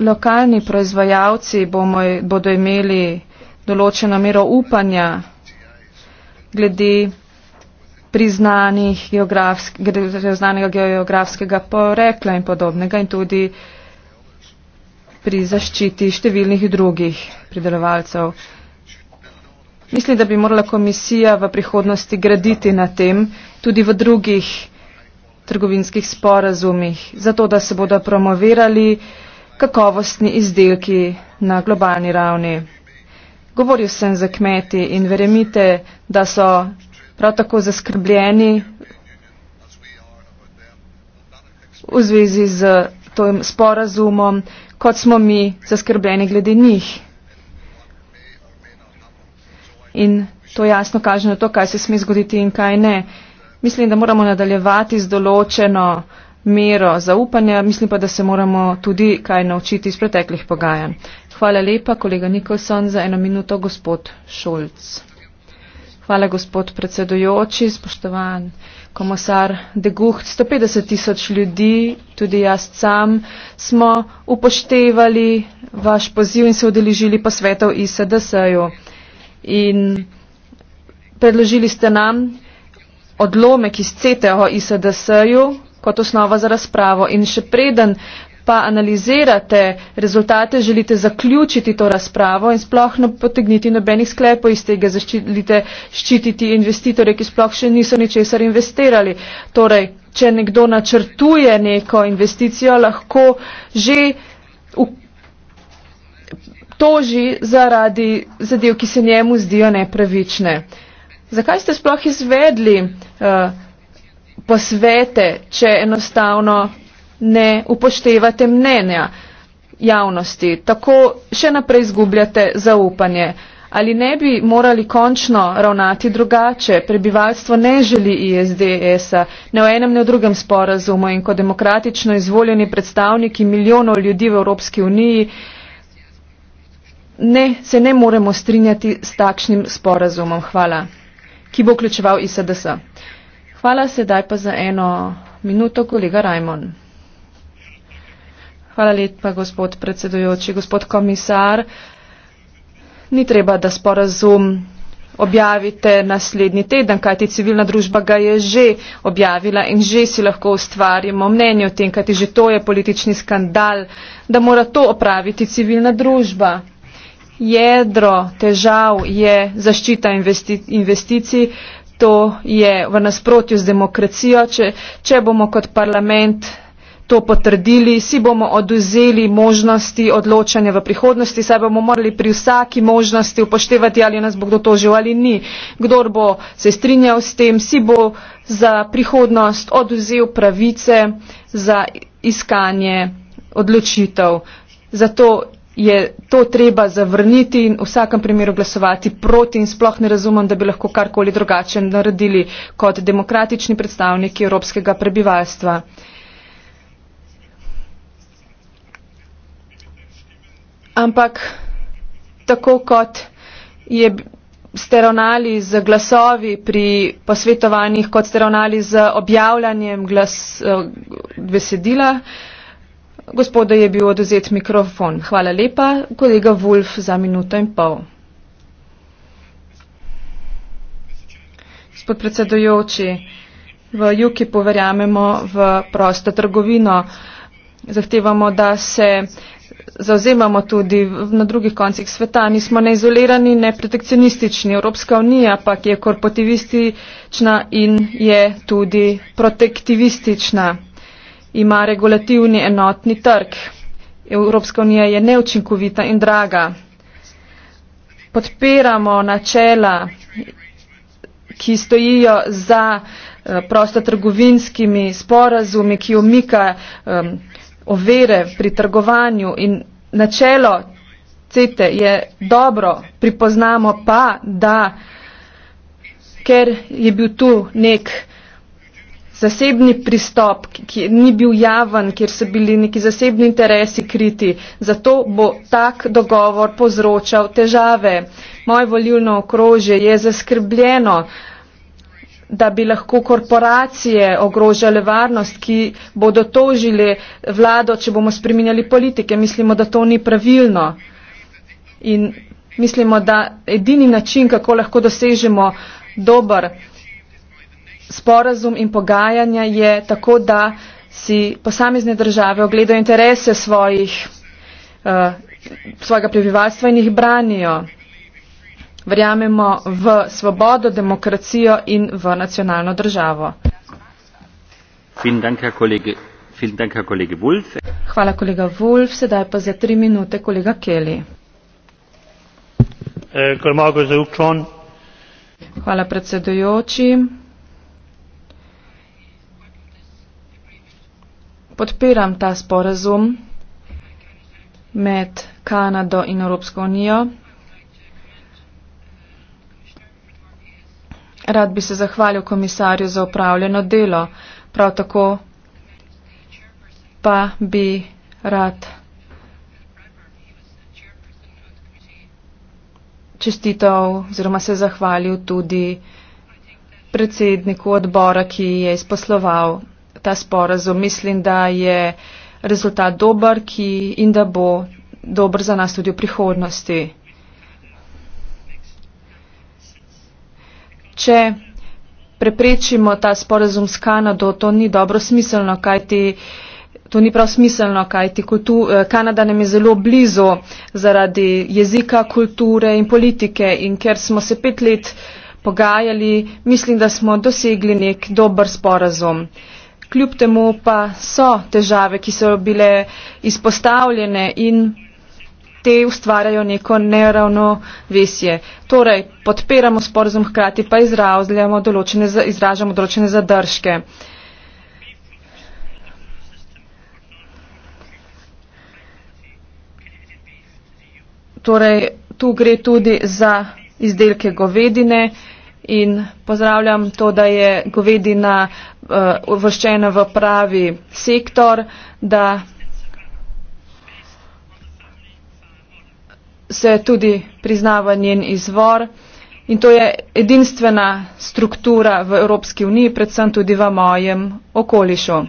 Lokalni proizvajalci bomo, bodo imeli določeno mero upanja glede priznanih geografsk, geografskega porekla in podobnega in tudi pri zaščiti številnih drugih pridelovalcev. Mislim, da bi morala komisija v prihodnosti graditi na tem, tudi v drugih trgovinskih sporazumih, zato da se bodo promovirali kakovostni izdelki na globalni ravni. Govoril sem za kmeti in verjemite, da so prav tako zaskrbljeni v zvezi z tem sporazumom, kot smo mi zaskrbljeni glede njih in to jasno kaže na to, kaj se sme zgoditi in kaj ne. Mislim, da moramo nadaljevati z določeno mero zaupanja, mislim pa, da se moramo tudi kaj naučiti iz preteklih pogajanj. Hvala lepa, kolega Nikolson, za eno minuto, gospod Šolc. Hvala, gospod predsedujoči, spoštovan komosar Deguht. 150 tisoč ljudi, tudi jaz sam, smo upoštevali vaš poziv in se odeležili posvetov ISDS-ju in predložili ste nam odlomek iz CETE o ISDS-ju kot osnova za razpravo. In še preden pa analizirate rezultate, želite zaključiti to razpravo in sploh ne potegniti nobenih sklepov iz tega, želite ščititi investitore, ki sploh še niso ničesar investirali. Torej, če nekdo načrtuje neko investicijo, lahko že obtoži zaradi zadev, ki se njemu zdijo nepravične. Zakaj ste sploh izvedli uh, posvete, če enostavno ne upoštevate mnenja javnosti? Tako še naprej izgubljate zaupanje. Ali ne bi morali končno ravnati drugače? Prebivalstvo ne želi ISDS-a, ne o enem, ne o drugem sporazumu in kot demokratično izvoljeni predstavniki milijonov ljudi v Evropski uniji ne, se ne moremo strinjati s takšnim sporazumom, hvala, ki bo vključeval ISDS. Hvala sedaj pa za eno minuto, kolega Rajmon. Hvala lepa, gospod predsedujoči, gospod komisar. Ni treba, da sporazum objavite naslednji teden, kajti civilna družba ga je že objavila in že si lahko ustvarimo mnenje o tem, kajti že to je politični skandal, da mora to opraviti civilna družba. Jedro težav je zaščita investicij, to je v nasprotju z demokracijo. Če, če bomo kot parlament to potrdili, si bomo oduzeli možnosti odločanja v prihodnosti, saj bomo morali pri vsaki možnosti upoštevati, ali nas bo kdo tožil ali ni. Kdor bo se strinjal s tem, si bo za prihodnost oduzel pravice za iskanje odločitev. Zato je to treba zavrniti in v vsakem primeru glasovati proti in sploh ne razumem, da bi lahko karkoli drugače naredili kot demokratični predstavniki evropskega prebivalstva. Ampak tako kot je ste ravnali z glasovi pri posvetovanjih, kot ste ravnali z objavljanjem glas, eh, besedila, uh, Gospoda je bil oduzet mikrofon. Hvala lepa, kolega Wolf, za minuto in pol. Gospod predsedujoči, v Juki poverjamemo v prosto trgovino. Zahtevamo, da se zauzemamo tudi na drugih koncih sveta. Nismo neizolirani, ne protekcionistični. Evropska unija pa je korporativistična in je tudi protektivistična ima regulativni enotni trg. Evropska unija je neučinkovita in draga. Podpiramo načela, ki stojijo za eh, prostotrgovinskimi sporazumi, ki omika um, overe pri trgovanju in načelo CETE je dobro, pripoznamo pa, da ker je bil tu nek uh, zasebni pristop, ki ni bil javen, kjer so bili neki zasebni interesi kriti. Zato bo tak dogovor povzročal težave. Moje volilno okrožje je zaskrbljeno, da bi lahko korporacije ogrožale varnost, ki bodo tožile vlado, če bomo spreminjali politike. Mislimo, da to ni pravilno. In mislimo, da edini način, kako lahko dosežemo dober sporazum in pogajanja je tako, da si posamezne države ogledajo interese svojih, uh, svojega prebivalstva in jih branijo. Verjamemo v svobodo, demokracijo in v nacionalno državo. Hvala, kolega Wolf. Sedaj pa za tri minute, kolega Kelly. Eh, Hvala, predsedujoči. podpiram ta sporazum med Kanado in Evropsko unijo. Rad bi se zahvalil komisarju za upravljeno delo, prav tako pa bi rad čestitev oziroma se zahvalil tudi predsedniku odbora, ki je izposloval ta sporazum. Mislim, da je rezultat dober ki, in da bo dober za nas tudi v prihodnosti. Če preprečimo ta sporazum s Kanado, to ni dobro smiselno, kajti. To ni prav smiselno, kajti eh, Kanada nam je zelo blizu zaradi jezika, kulture in politike. In ker smo se pet let pogajali, mislim, da smo dosegli nek dober sporazum. Uh, kljub temu pa so težave, ki so bile izpostavljene in te ustvarjajo neko neravno vesje. Torej, podpiramo sporozum, hkrati pa določene, izražamo določene zadržke. Torej, tu gre tudi za izdelke govedine, in pozdravljam to, da je govedina eh, uvrščena v pravi sektor, da se tudi priznava njen izvor. In to je edinstvena struktura v Evropski uniji, predvsem tudi v mojem okolišu.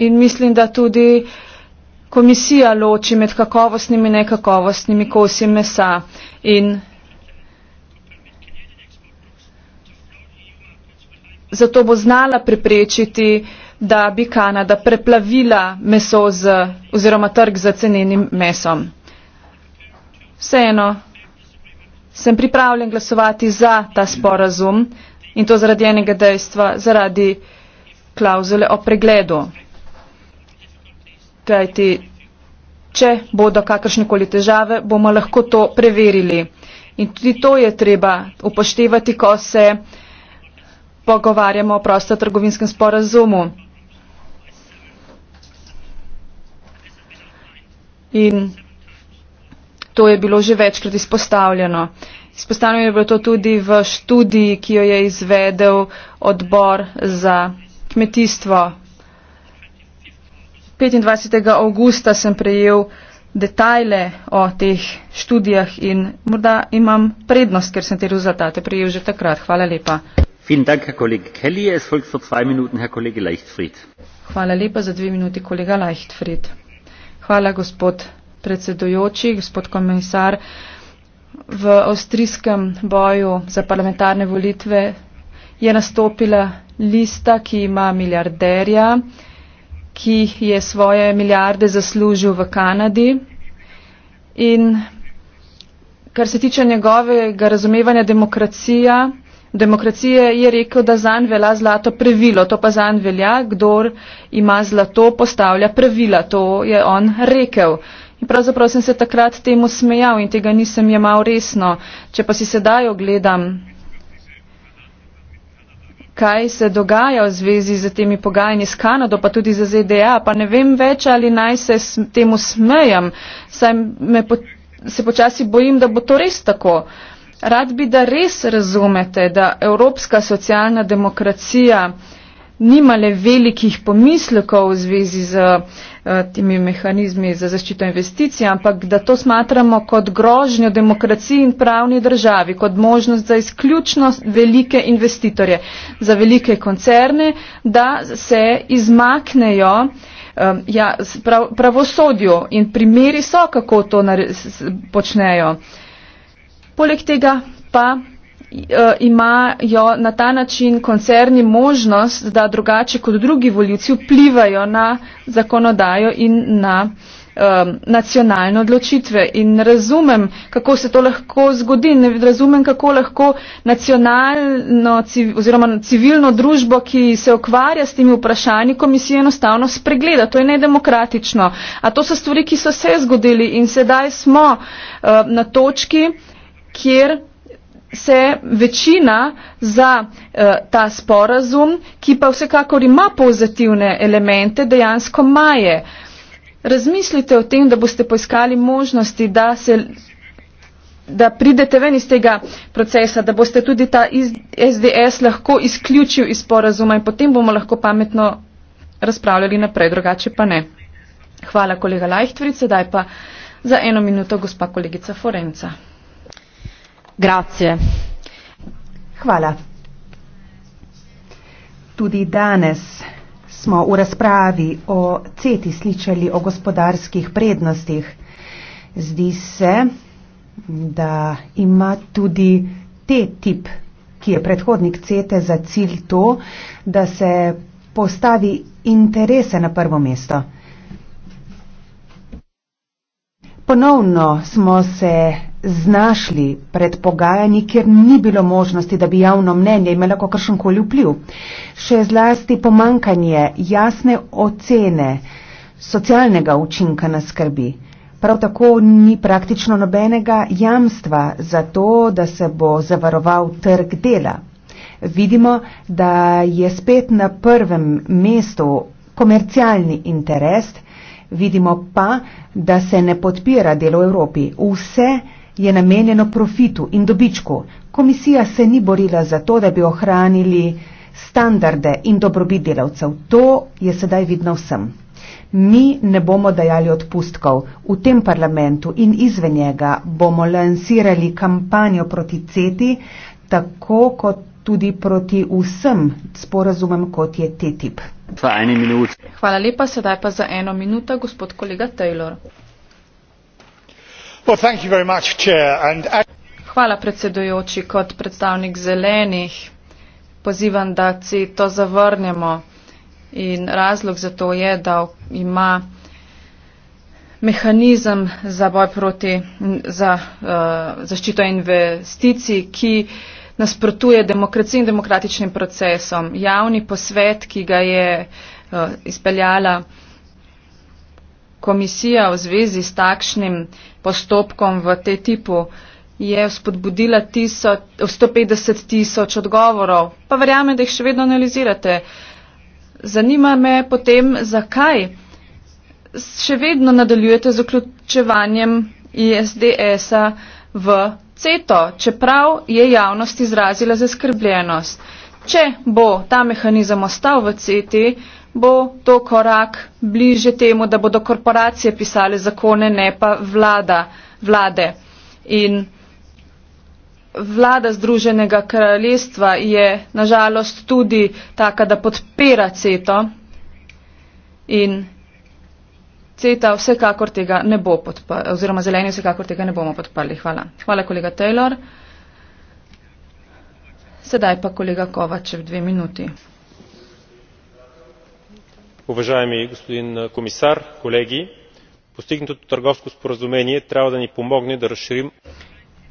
In mislim, da tudi uh, komisija loči med kakovostnimi in nekakovostnimi kosi mesa in zato bo znala preprečiti, da bi Kanada preplavila meso z, oziroma trg z cenenim mesom. Vseeno sem pripravljen glasovati za ta sporazum in to zaradi enega dejstva, zaradi klauzule o pregledu kajti če bodo kakršnekoli težave, bomo lahko to preverili. In tudi to je treba upoštevati, ko se pogovarjamo o prostotrgovinskem sporazumu. In to je bilo že večkrat izpostavljeno. Izpostavljeno je bilo to tudi v študiji, ki jo je izvedel odbor za kmetijstvo 25. augusta sem prejel detajle o teh študijah in morda imam prednost, ker sem te rezultate prejel že takrat. Hvala lepa. Hvala lepa za dve minuti, kolega Leichtfried. Hvala, gospod predsedujoči, gospod komisar. V avstrijskem boju za parlamentarne volitve je nastopila lista, ki ima milijarderja ki je svoje milijarde zaslužil v Kanadi. In kar se tiče njegovega razumevanja demokracija, demokracije, je rekel, da zanj velja zlato pravilo. To pa zanj velja, kdor ima zlato, postavlja pravila. To je on rekel. In pravzaprav sem se takrat temu smejal in tega nisem jemal resno. Če pa si sedaj ogledam kaj se dogaja v zvezi z temi pogajanji s Kanado, pa tudi za ZDA, pa ne vem več, ali naj se temu smejam, saj me po se počasi bojim, da bo to res tako. Rad bi, da res razumete, da evropska socialna demokracija nimale velikih pomislekov v zvezi z eh, temi mehanizmi za zaščito investicij, ampak da to smatramo kot grožnjo demokraciji in pravni državi, kot možnost za izključnost velike investitorje, za velike koncerne, da se izmaknejo eh, ja, prav, pravosodju in primeri so, kako to počnejo. Poleg tega pa Eh, imajo na ta način koncerni možnost, da drugače kot drugi voljivci vplivajo na zakonodajo in na eh, nacionalne odločitve in razumem, kako se to lahko zgodi, ne razumem, kako lahko nacionalno civ, oziroma civilno družbo, ki se ukvarja s temi vprašanji, komisija enostavno spregleda. To je nedemokratično. A to so stvari, ki so se zgodili in sedaj smo uh, na točki, kjer se večina za eh, ta sporazum, ki pa vsekakor ima pozitivne elemente, dejansko maje. Razmislite o tem, da boste poiskali možnosti, da, se, da pridete ven iz tega procesa, da boste tudi ta SDS lahko izključil iz sporazuma in potem bomo lahko pametno razpravljali naprej, drugače pa ne. Hvala, kolega Lajhtvrit, sedaj pa za eno minuto gospa kolegica Forenca. Grazie. Hvala. Tudi danes smo v razpravi o CETI slišali o gospodarskih prednostih. Zdi se, da ima tudi te tip, ki je predhodnik CETE, za cilj to, da se postavi interese na prvo mesto. Ponovno smo se znašli pred pogajanji, kjer ni bilo možnosti, da bi javno mnenje imelo kakršen koli vpliv. Še zlasti pomankanje jasne ocene socialnega učinka na skrbi. Prav tako ni praktično nobenega jamstva za to, da se bo zavaroval trg dela. Vidimo, da je spet na prvem mestu komercialni interes, vidimo pa, da se ne podpira delo Evropi. Vse je namenjeno profitu in dobičku. Komisija se ni borila za to, da bi ohranili standarde in dobrobit delavcev. To je sedaj vidno vsem. Mi ne bomo dajali odpustkov. V tem parlamentu in izven njega bomo lansirali kampanjo proti CETI, tako kot tudi proti vsem sporazumem, kot je TTIP. Hvala lepa, sedaj pa za eno minuto, gospod kolega Taylor. Hvala predsedujoči. Kot predstavnik zelenih pozivam, da si to zavrnemo. In razlog za to je, da ima mehanizem za boj proti za, uh, zaščito investicij, ki nasprotuje demokraciji in demokratičnim procesom. Javni posvet, ki ga je uh, izpeljala komisija v zvezi s takšnim postopkom v te tipu je spodbudila 150 tisoč odgovorov, pa verjamem, da jih še vedno analizirate. Zanima me potem, zakaj še vedno nadaljujete z vključevanjem ISDS-a v CETO, čeprav je javnost izrazila zaskrbljenost. Če bo ta mehanizem ostal v CETO, bo to korak bliže temu, da bodo korporacije pisale zakone, ne pa vlada, vlade. In vlada Združenega kraljestva je nažalost tudi taka, da podpira CETO in CETA vsekakor tega ne bo podprla, oziroma zeleni vsekakor tega ne bomo podprli. Hvala. Hvala, kolega Taylor. Sedaj pa kolega Kovačev, dve minuti уважаеми господин комисар колеги постигнатото търговско споразумение трябва да ни помогне да разширим.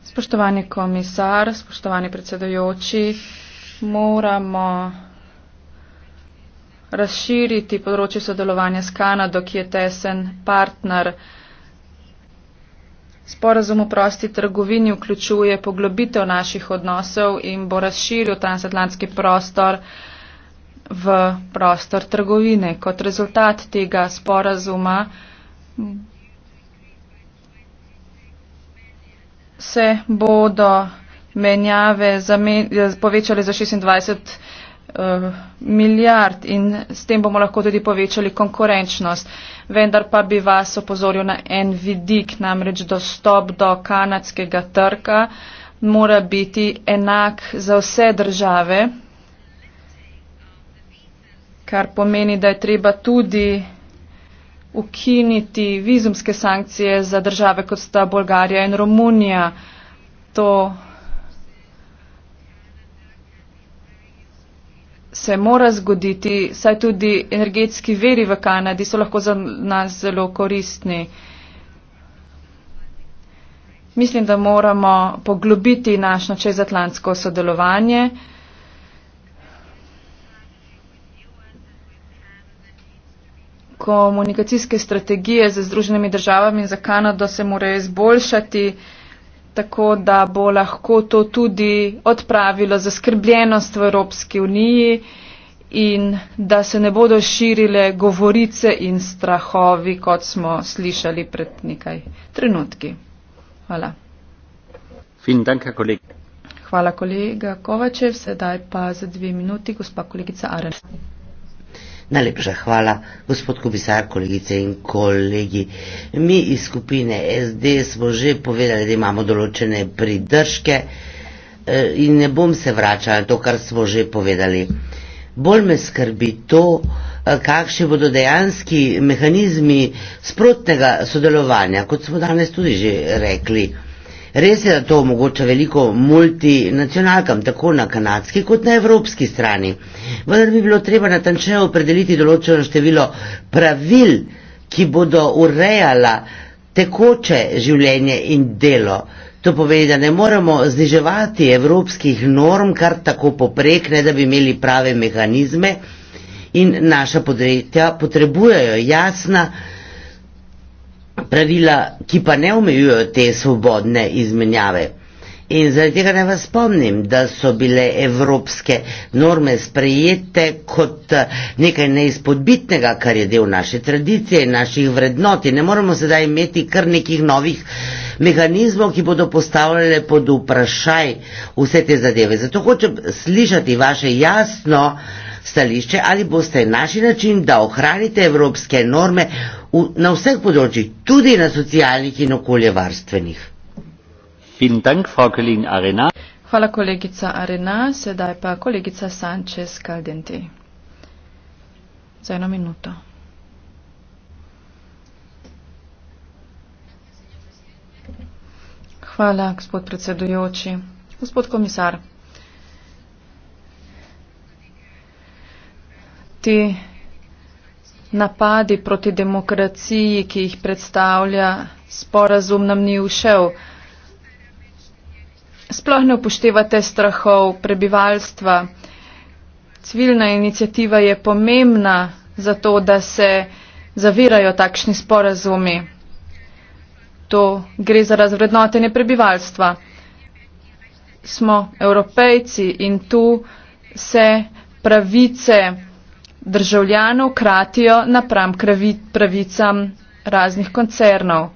Spoštovani komisar, spoštovani predsedujoči, moramo razširiti področje sodelovanja s Kanado, ki je tesen partner. Sporazum o prosti trgovini vključuje poglobitev naših odnosov in bo razširil transatlantski prostor v prostor trgovine. Kot rezultat tega sporazuma se bodo menjave povečale za 26 eh, milijard in s tem bomo lahko tudi povečali konkurenčnost. Vendar pa bi vas opozoril na en vidik, namreč dostop do kanadskega trga mora biti enak za vse države kar pomeni, da je treba tudi ukiniti vizumske sankcije za države, kot sta Bolgarija in Romunija. To se mora zgoditi, saj tudi energetski veri v Kanadi so lahko za nas zelo koristni. Mislim, da moramo poglobiti naš načez atlantsko sodelovanje. komunikacijske strategije z Združenimi državami in za Kanado se morajo izboljšati, tako da bo lahko to tudi odpravilo zaskrbljenost v Evropski uniji in da se ne bodo širile govorice in strahovi, kot smo slišali pred nekaj trenutki. Hvala. Danka, kolega. Hvala kolega Kovačev, sedaj pa za dve minuti gospa kolegica Arendt. Najlepša hvala, gospod komisar, kolegice in kolegi. Mi iz skupine SD smo že povedali, da imamo določene pridržke eh, in ne bom se vračala na to, kar smo že povedali. Bolj me skrbi to, eh, kakšni bodo dejanski mehanizmi sprotnega sodelovanja, kot smo danes tudi že rekli. Res je, da to omogoča veliko multinacionalkam, tako na kanadski kot na evropski strani. Vendar bi bilo treba natančneje opredeliti določeno število pravil, ki bodo urejala tekoče življenje in delo. To pomeni, da ne moremo zniževati evropskih norm kar tako poprek, ne da bi imeli prave mehanizme in naša podjetja potrebujejo jasna pravila, ki pa ne omejujo te svobodne izmenjave. In zaradi tega ne vas spomnim, da so bile evropske norme sprejete kot eh, nekaj neizpodbitnega, kar je del naše tradicije in naših vrednot. In ne moremo sedaj imeti kar nekih novih mehanizmov, ki bodo postavljali pod vprašaj vse te zadeve. Zato hočem slišati vaše jasno uh, stališče ali boste našli način, da ohranite evropske norme v, na vseh področjih, tudi na socialnih in okoljevarstvenih. Hvala, kolegica Arena. Sedaj pa kolegica Sanchez Caldenti. Za eno minuto. Hvala, gospod predsedujoči. Gospod komisar. ti napadi proti demokraciji, ki jih predstavlja sporazum, nam ni ušel. Sploh ne upoštevate strahov prebivalstva. Civilna inicijativa je pomembna za to, da se zavirajo takšni sporazumi. To gre za razvrednotenje prebivalstva. Smo evropejci in tu se pravice državljanov kratijo napram pravicam raznih koncernov.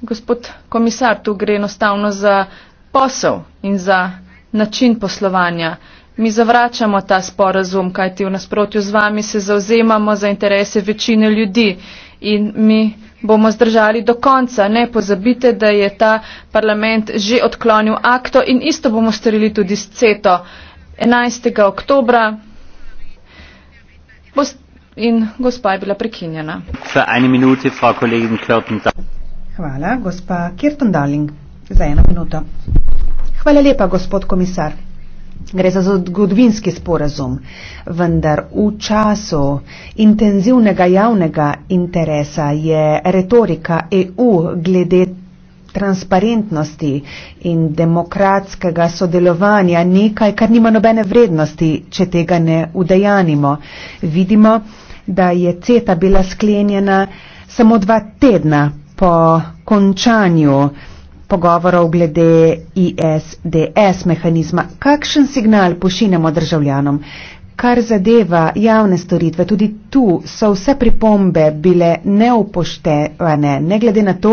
Gospod komisar, tu gre enostavno za posel in za način poslovanja. Mi zavračamo ta sporazum, kajti v nasprotju z vami se zauzemamo za interese večine ljudi in mi bomo zdržali do konca. Ne pozabite, da je ta parlament že odklonil akto in isto bomo storili tudi s CETO. 11. oktobra in gospa je bila prekinjena. Minute, Hvala, gospa Kirton Darling, za eno minuto. Hvala lepa, gospod komisar. Gre za zgodovinski sporazum, vendar v času intenzivnega javnega interesa je retorika EU glede transparentnosti in demokratskega sodelovanja nekaj, kar nima nobene vrednosti, če tega ne udejanimo. Vidimo, da je CETA bila sklenjena samo dva tedna po končanju pogovorov glede ISDS mehanizma. Kakšen signal pošinemo državljanom? Kar zadeva javne storitve, tudi tu so vse pripombe bile neupoštevane, ne glede na to,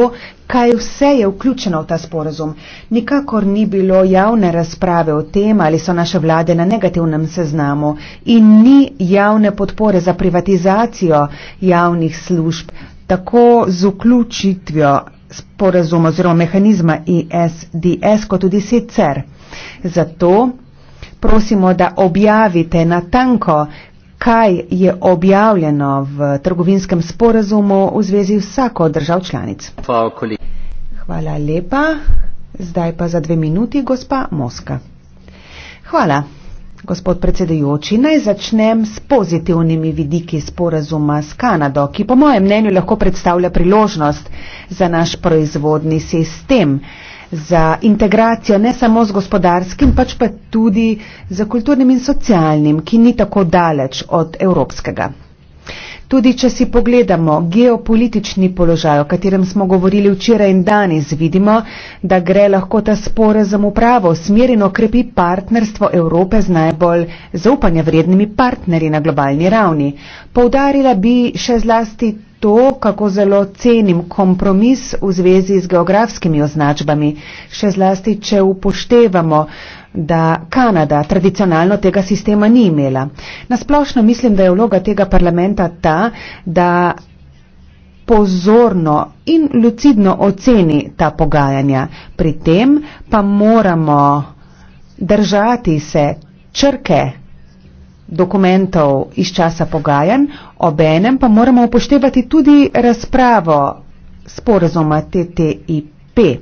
kaj vse je vključeno v ta sporozum. Nikakor ni bilo javne razprave o tem, ali so naše vlade na negativnem seznamu in ni javne podpore za privatizacijo javnih služb, tako z vključitvijo sporozuma oziroma mehanizma ISDS, kot tudi sicer. Zato prosimo, da objavite na tanko, kaj je objavljeno v trgovinskem sporazumu v zvezi vsako držav članic. Hvala, Hvala lepa. Zdaj pa za dve minuti, gospa Moska. Hvala. Gospod predsedujoči, naj začnem s pozitivnimi vidiki sporazuma s Kanado, ki po mojem mnenju lahko predstavlja priložnost za naš proizvodni sistem za integracijo ne samo z gospodarskim, pač pa tudi z kulturnim in socialnim, ki ni tako daleč od evropskega. Tudi če si pogledamo geopolitični položaj, o katerem smo govorili včeraj in danes, vidimo, da gre lahko ta sporazum v pravo smer in okrepi partnerstvo Evrope z najbolj zaupanja vrednimi partnerji na globalni ravni. Poudarila bi še zlasti to, kako zelo cenim kompromis v zvezi z geografskimi označbami, še zlasti, če upoštevamo, da Kanada tradicionalno tega sistema ni imela. Nasplošno mislim, da je vloga tega parlamenta ta, da pozorno in lucidno oceni ta pogajanja. Pri tem pa moramo držati se črke dokumentov iz časa pogajanj, obenem pa moramo upoštevati tudi razpravo sporazuma TTIP.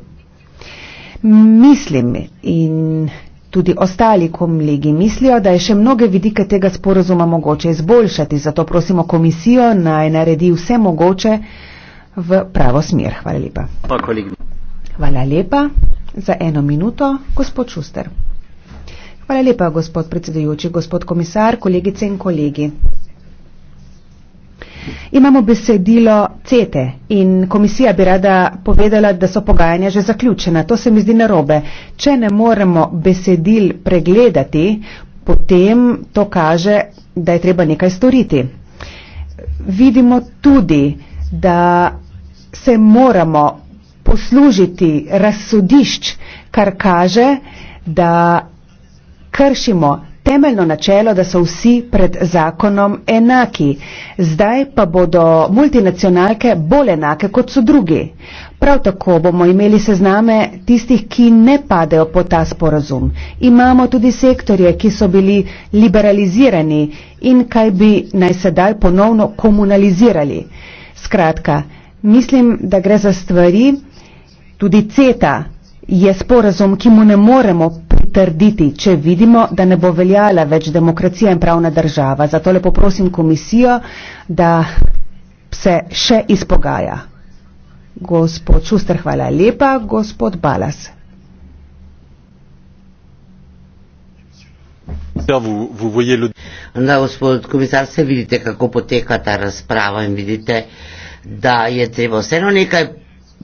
Mislim in tudi ostali komlegi mislijo, da je še mnoge vidike tega sporazuma mogoče izboljšati, zato prosimo komisijo naj naredi vse mogoče v pravo smer. Hvala lepa. Hvala lepa za eno minuto, gospod Šuster. Hvala lepa, gospod predsedujoči, gospod komisar, kolegice in kolegi. Imamo besedilo CETE in komisija bi rada povedala, da so pogajanja že zaključena. To se mi zdi narobe. Če ne moremo besedil pregledati, potem to kaže, da je treba nekaj storiti. Vidimo tudi, da se moramo poslužiti razsodišč, kar kaže, da kršimo temeljno načelo, da so vsi pred zakonom enaki. Zdaj pa bodo multinacionalke bolj enake kot so drugi. Prav tako bomo imeli sezname tistih, ki ne padejo po ta sporazum. Imamo tudi sektorje, ki so bili liberalizirani in kaj bi naj sedaj ponovno komunalizirali. Skratka, mislim, da gre za stvari, tudi CETA je sporazum, ki mu ne moremo trditi, če vidimo, da ne bo veljala več demokracija in pravna država. Zato lepo prosim komisijo, da se še izpogaja. Gospod Šuster, hvala lepa. Gospod Balas. Ja, da, gospod komisar, se vidite, kako poteka ta razprava in vidite, da je treba vseeno nekaj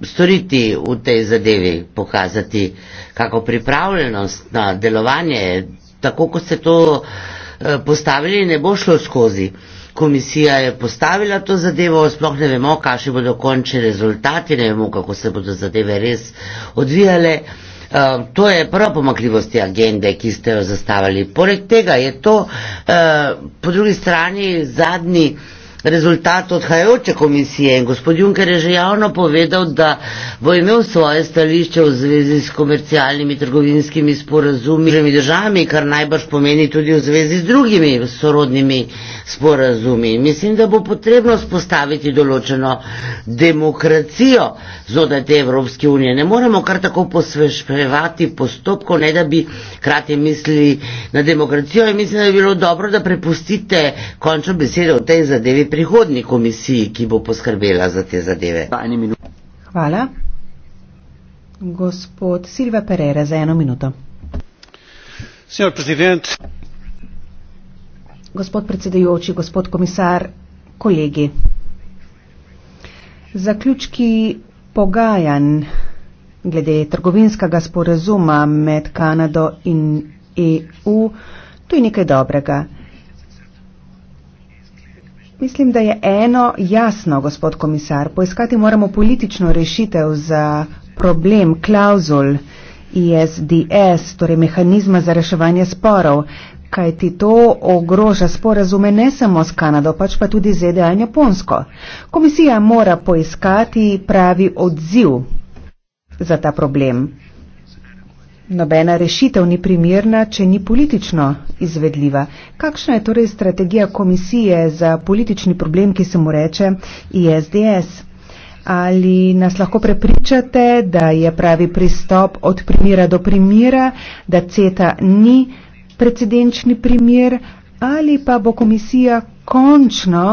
storiti v tej zadevi, pokazati kako pripravljenost na delovanje, tako kot ste to eh, postavili, ne bo šlo skozi. Komisija je postavila to zadevo, sploh ne vemo, kakšni bodo končni rezultati, ne vemo, kako se bodo zadeve res odvijale. Uh, to je prva pomakljivost te agende, ki ste jo zastavili. Poleg tega je to uh, po drugi strani zadnji uh, rezultat odhajajoče komisije in gospod Juncker je že javno povedal, da bo imel svoje stališče v zvezi s komercialnimi trgovinskimi sporazumi z drugimi državami, kar najbrž pomeni tudi v zvezi z drugimi sorodnimi sporazumi. Mislim, da bo potrebno spostaviti določeno demokracijo zodaj te Evropske unije. Ne moremo kar tako posvešpevati postopkov, ne da bi krati mislili na demokracijo in mislim, da bi bilo dobro, da prepustite končno besedo v tej zadevi prihodni komisiji, ki bo poskrbela za te zadeve. Hvala. Gospod Silva Pereira za eno minuto. President. Gospod predsedujoči, gospod komisar, kolegi. Zaključki pogajanj glede trgovinskega sporazuma med Kanado in EU, to je nekaj dobrega. Mislim, da je eno jasno, gospod komisar, poiskati moramo politično rešitev za problem klauzul ISDS, torej mehanizma za reševanje sporov, kajti to ogroža sporazume ne samo s Kanado, pač pa tudi ZDA in Japonsko. Komisija mora poiskati pravi odziv za ta problem. Nobena rešitev ni primirna, če ni politično izvedljiva. Kakšna je torej strategija komisije za politični problem, ki se mu reče ISDS? Ali nas lahko prepričate, da je pravi pristop od primira do primira, da CETA ni precedenčni primir, ali pa bo komisija končno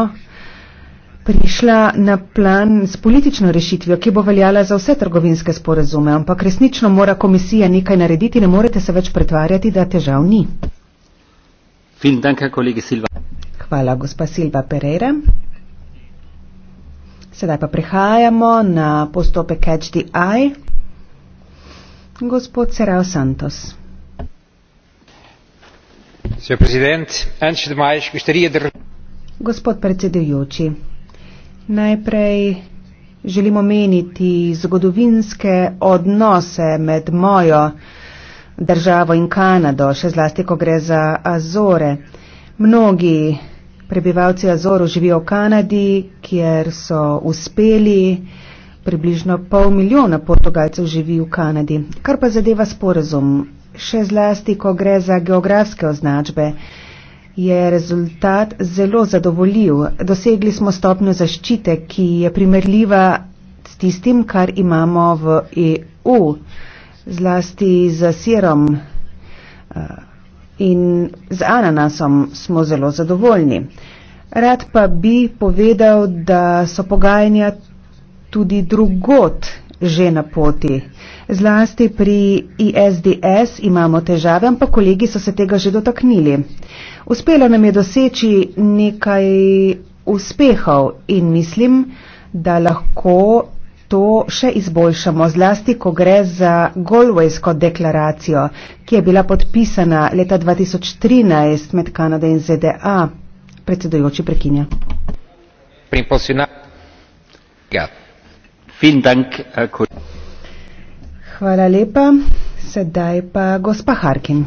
prišla na plan s politično rešitvijo, ki bo veljala za vse trgovinske sporezume, ampak resnično mora komisija nekaj narediti, ne morete se več pretvarjati, da težav ni. Hvala, gospa Silva Pereira. Sedaj pa prehajamo na postopek Catch the Eye. Gospod Serao Santos. Gospod predsedujoči, Najprej želim omeniti zgodovinske odnose med mojo državo in Kanado, še zlasti, ko gre za Azore. Mnogi prebivalci Azoru živijo v Kanadi, kjer so uspeli, približno pol milijona portugalcev živi v Kanadi. Kar pa zadeva sporazum, še zlasti, ko gre za geografske označbe je rezultat zelo zadovoljiv. Dosegli smo stopnjo zaščite, ki je primerljiva s tistim, kar imamo v EU, zlasti z sirom eh, in z ananasom smo zelo zadovoljni. Rad pa bi povedal, da so pogajanja tudi drugot že na poti. Zlasti pri ISDS imamo težave, ampak kolegi so se tega že dotaknili. Uspelo nam je doseči nekaj uspehov in mislim, da lahko to še izboljšamo, zlasti ko gre za Golvojsko deklaracijo, ki je bila podpisana leta 2013 med Kanado in ZDA. Predsedujoči prekinja. Pri posljednjem. Ja. Hvala lepa. Sedaj pa gospa Harkin.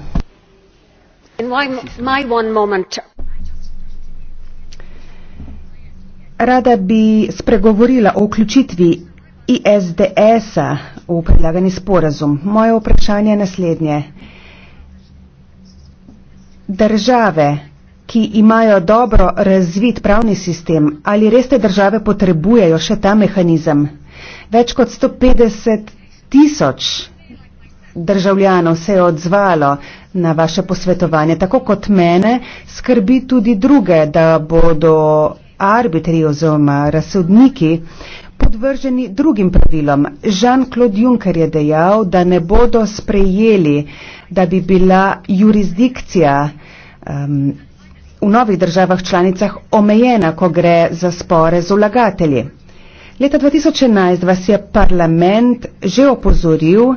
Rada bi spregovorila o vključitvi ISDS-a v predlagani sporazum. Moje vprašanje je naslednje. Države, ki imajo dobro razvit pravni sistem, ali res te države potrebujejo še ta mehanizem, Več kot 150 tisoč državljanov se je odzvalo na vaše posvetovanje. Tako kot mene skrbi tudi druge, da bodo arbitri oziroma razsodniki podvrženi drugim pravilom. Jean-Claude Juncker je dejal, da ne bodo sprejeli, da bi bila jurisdikcija um, v novih državah članicah omejena, ko gre za spore z vlagatelji. Leta 2011 vas je parlament že opozoril,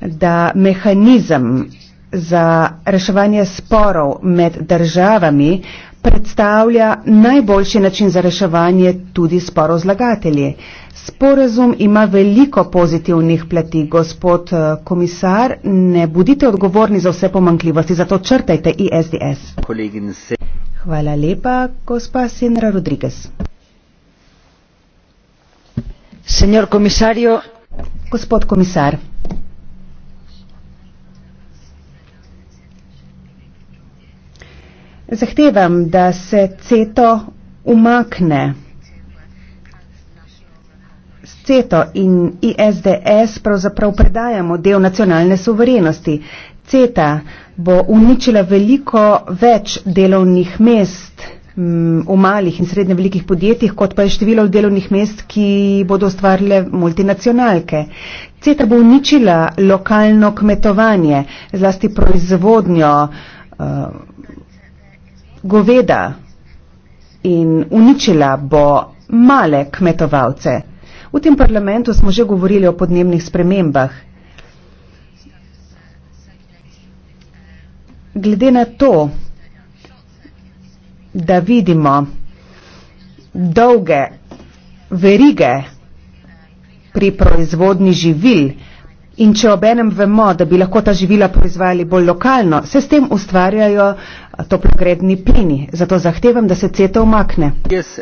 da mehanizem za reševanje sporov med državami predstavlja najboljši način za reševanje tudi sporov z lagatelji. Sporazum ima veliko pozitivnih plati, gospod eh, komisar, ne budite odgovorni za vse pomankljivosti, zato črtajte ISDS. Hvala lepa, gospa Sinra Rodriguez señor comisario gospod komisar zahtevam da se ceto umakne CETO in ISDS pravzaprav predajamo del nacionalne suverenosti. CETA bo uničila veliko več delovnih mest v malih in srednje velikih podjetjih, kot pa je število delovnih mest, ki bodo ustvarile multinacionalke. CETA bo uničila lokalno kmetovanje, zlasti proizvodnjo uh, goveda in uničila bo male kmetovalce. V tem parlamentu smo že govorili o podnebnih spremembah. Glede na to, da vidimo dolge verige pri proizvodni živil in če obenem vemo, da bi lahko ta živila proizvajali bolj lokalno, se s tem ustvarjajo eh, toplogredni plini. Zato zahtevam, da se CETA umakne. Yes,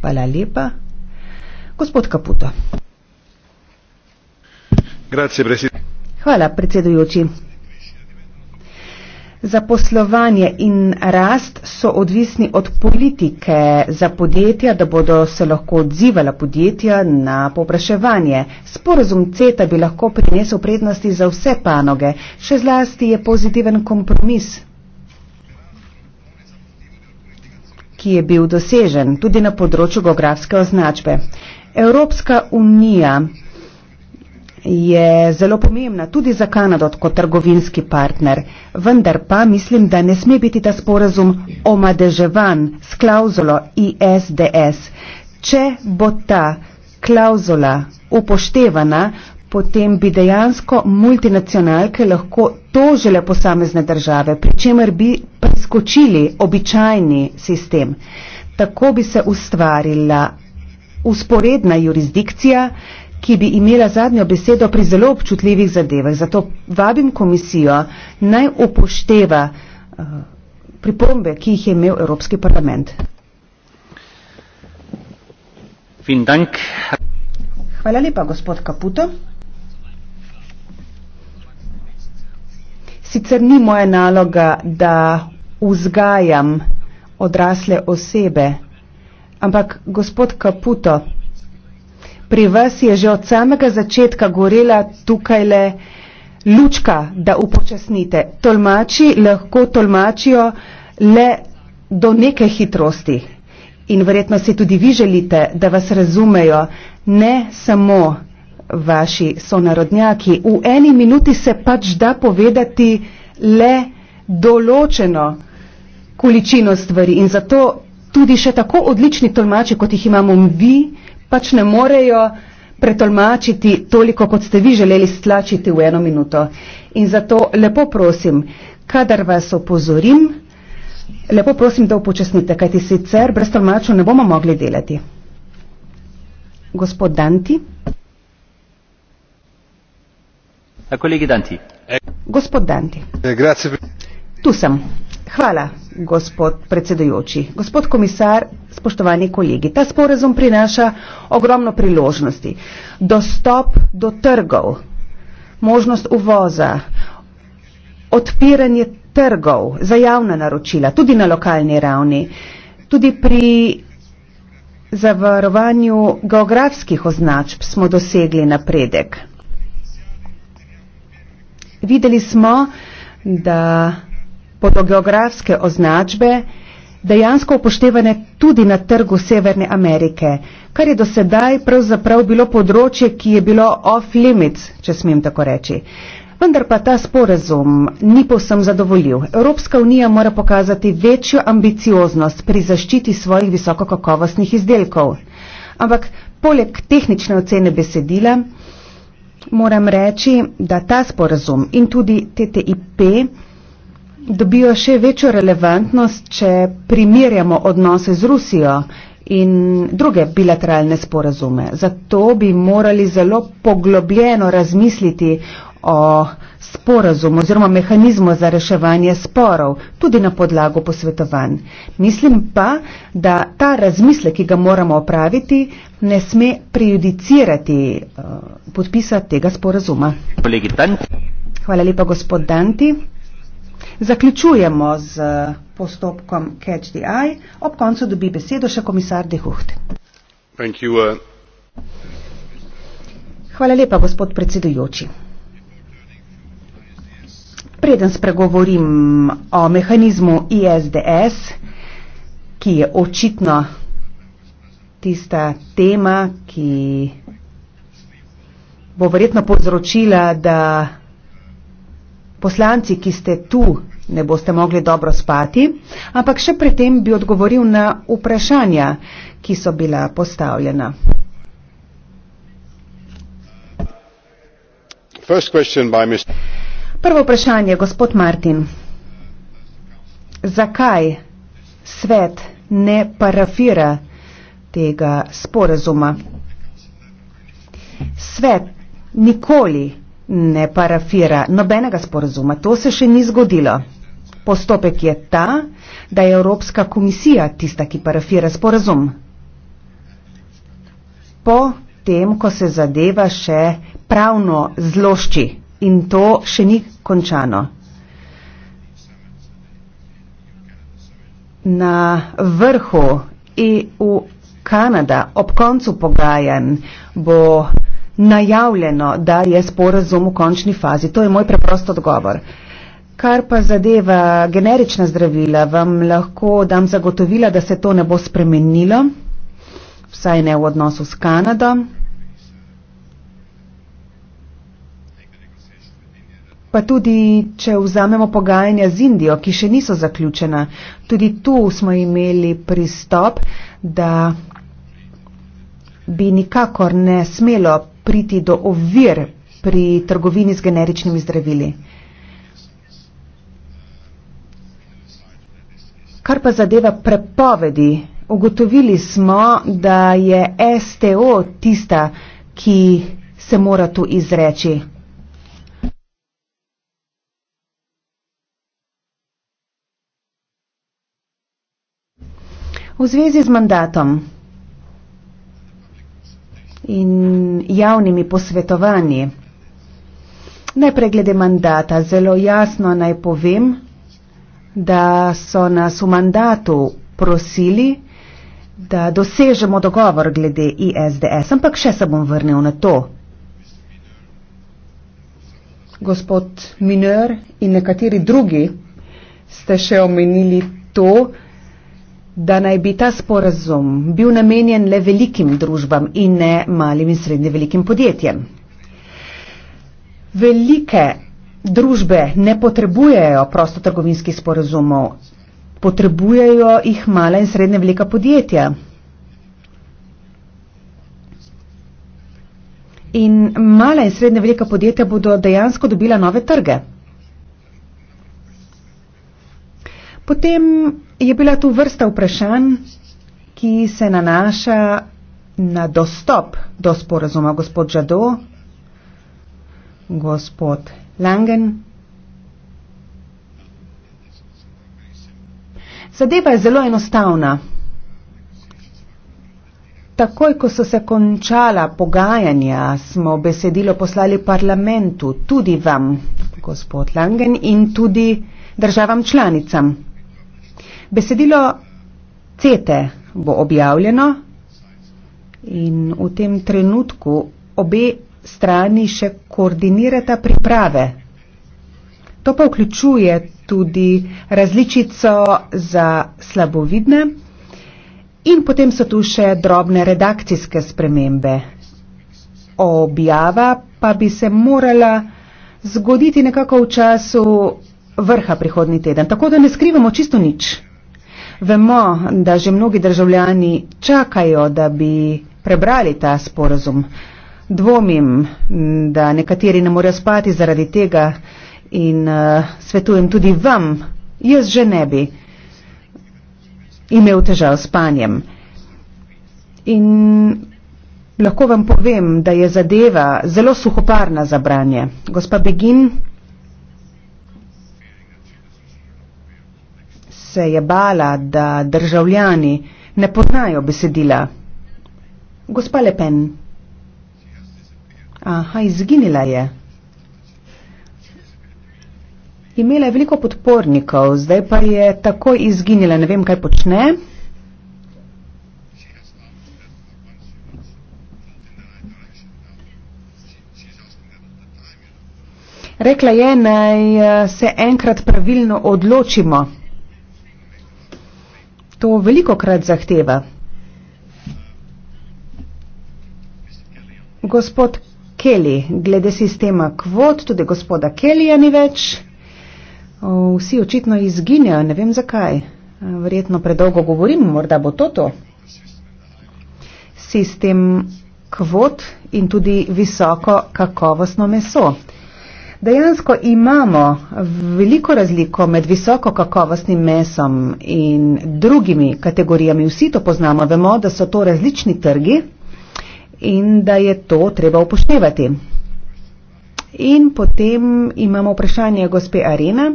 Hvala lepa. Gospod Kaputo. Hvala predsedujoči. Zaposlovanje in rast so odvisni od politike za podjetja, da bodo se lahko odzivala podjetja na popraševanje. Sporazum CETA bi lahko prinesel prednosti za vse panoge, še zlasti je pozitiven kompromis, ki je bil dosežen tudi na področju geografske označbe. Evropska unija je zelo pomembna tudi za Kanado kot trgovinski partner. Vendar pa mislim, da ne sme biti ta sporazum omadeževan s klauzulo ISDS. Če bo ta klauzula upoštevana, potem bi dejansko multinacionalke lahko tožile posamezne države, pri čemer bi preskočili običajni sistem. Tako bi se ustvarila usporedna jurisdikcija, ki bi imela zadnjo besedo pri zelo občutljivih zadevah. Zato vabim komisijo naj upošteva eh, pripombe, ki jih je imel Evropski parlament. Hvala lepa, gospod Kaputo. Sicer ni moja naloga, da vzgajam odrasle osebe, ampak gospod Kaputo pri vas je že od samega začetka gorela tukaj le lučka, da upočasnite. Tolmači lahko tolmačijo le do neke hitrosti in verjetno si tudi vi želite, da vas razumejo ne samo vaši sonarodnjaki. V eni minuti se pač da povedati le določeno količino stvari in zato tudi še tako odlični tolmači, kot jih imamo vi, pač ne morejo pretolmačiti toliko, kot ste vi želeli stlačiti v eno minuto. In zato lepo prosim, kadar vas opozorim, lepo prosim, da upočasnite, kajti sicer brez tolmačev ne bomo mogli delati. Gospod Danti. Kolegi Danti. Gospod Danti. Tu sem. Hvala, gospod predsedujoči. Gospod komisar, spoštovani kolegi. Ta sporazum prinaša ogromno priložnosti. Dostop do trgov, možnost uvoza, odpiranje trgov za javna naročila, tudi na lokalni ravni, tudi pri zavarovanju geografskih označb smo dosegli napredek. Videli smo, da bodo geografske označbe dejansko upoštevane tudi na trgu Severne Amerike, kar je do sedaj pravzaprav bilo področje, ki je bilo off-limits, če smem tako reči. Vendar pa ta sporazum ni povsem zadovoljiv. Evropska unija mora pokazati večjo ambicioznost pri zaščiti svojih visokokakovostnih izdelkov. Ampak poleg tehnične ocene besedila moram reči, da ta sporazum in tudi TTIP dobijo še večjo relevantnost, če primerjamo odnose z Rusijo in druge bilateralne sporazume. Zato bi morali zelo poglobljeno razmisliti o sporazumu oziroma mehanizmu za reševanje sporov, tudi na podlagu posvetovanj. Mislim pa, da ta razmislek, ki ga moramo opraviti, ne sme prejudicirati uh, podpisa tega sporazuma. Hvala lepa, gospod Danti. Zaključujemo z postopkom Catch the Eye. Ob koncu dobi besedo še komisar De Hucht. Uh, Hvala lepa, gospod predsedujoči. Preden spregovorim o mehanizmu ISDS, ki je očitno tista tema, ki bo verjetno povzročila, da poslanci, ki ste tu ne boste mogli dobro spati, ampak še predtem bi odgovoril na vprašanja, ki so bila postavljena. Prvo vprašanje, gospod Martin. Zakaj svet ne parafira tega sporazuma? Svet nikoli ne parafira nobenega sporazuma. To se še ni zgodilo. Postopek je ta, da je Evropska komisija tista, ki parafira sporazum. Po tem, ko se zadeva še pravno zlošči in to še ni končano. Na vrhu EU Kanada ob koncu pogajanj bo najavljeno, da je sporazum v končni fazi. To je moj preprost odgovor. Uh, Kar pa zadeva generična zdravila, vam lahko dam zagotovila, da se to ne bo spremenilo, vsaj ne v odnosu s Kanado. Pa tudi, če vzamemo pogajanja z Indijo, ki še niso zaključena, tudi tu smo imeli pristop, da bi nikakor ne smelo priti do ovir pri trgovini z generičnimi zdravili. Kar pa zadeva prepovedi, ugotovili smo, da je STO tista, ki se mora tu izreči. V zvezi z mandatom in javnimi posvetovanji, najprej glede mandata, zelo jasno naj povem, da so nas v mandatu prosili, da dosežemo dogovor glede ISDS, ampak še se bom vrnil na to. Gospod Miner in nekateri drugi ste še omenili to, da naj bi ta sporazum bil namenjen le velikim družbam in ne malim in srednje velikim podjetjem. Velike Družbe ne potrebujejo prostotrgovinskih sporazumov, potrebujejo jih mala in srednje velika podjetja. In mala in srednje velika podjetja bodo dejansko dobila nove trge. Potem je bila tu vrsta vprašanj, ki se nanaša na dostop do sporazuma. Gospod Žado, gospod Langen. Zadeva je zelo enostavna. Takoj, ko so se končala pogajanja, smo besedilo poslali parlamentu, tudi vam, gospod Langen, in tudi državam članicam. Besedilo CETE bo objavljeno in v tem trenutku obe strani še koordinirata priprave. To pa vključuje tudi različico za slabovidne in potem so tu še drobne redakcijske spremembe. Objava pa bi se morala zgoditi nekako v času vrha prihodni teden, tako da ne skrivamo čisto nič. Vemo, da že mnogi državljani čakajo, da bi prebrali ta sporazum dvomim, da nekateri ne morejo spati zaradi tega in uh, svetujem tudi vam, jaz že ne bi imel težav s panjem. In lahko vam povem, da je zadeva zelo suhoparna za branje. Gospa Begin se je bala, da državljani ne poznajo besedila. Gospa Lepen. Aha, izginila je. Imela je veliko podpornikov, zdaj pa je takoj izginila, ne vem, kaj počne. Rekla je, naj eh, se enkrat pravilno odločimo. To veliko krat zahteva. Gospod Kelly, glede sistema kvot, tudi gospoda Kellyja ni več. O, vsi očitno izginjajo, ne vem zakaj. Verjetno predolgo govorim, morda bo to to. Sistem kvot in tudi visoko kakovostno meso. Dejansko imamo veliko razliko med visoko kakovostnim mesom in drugimi kategorijami. Vsi to poznamo, vemo, da so to različni trgi in da je to treba upoštevati. In potem imamo vprašanje gospe Arena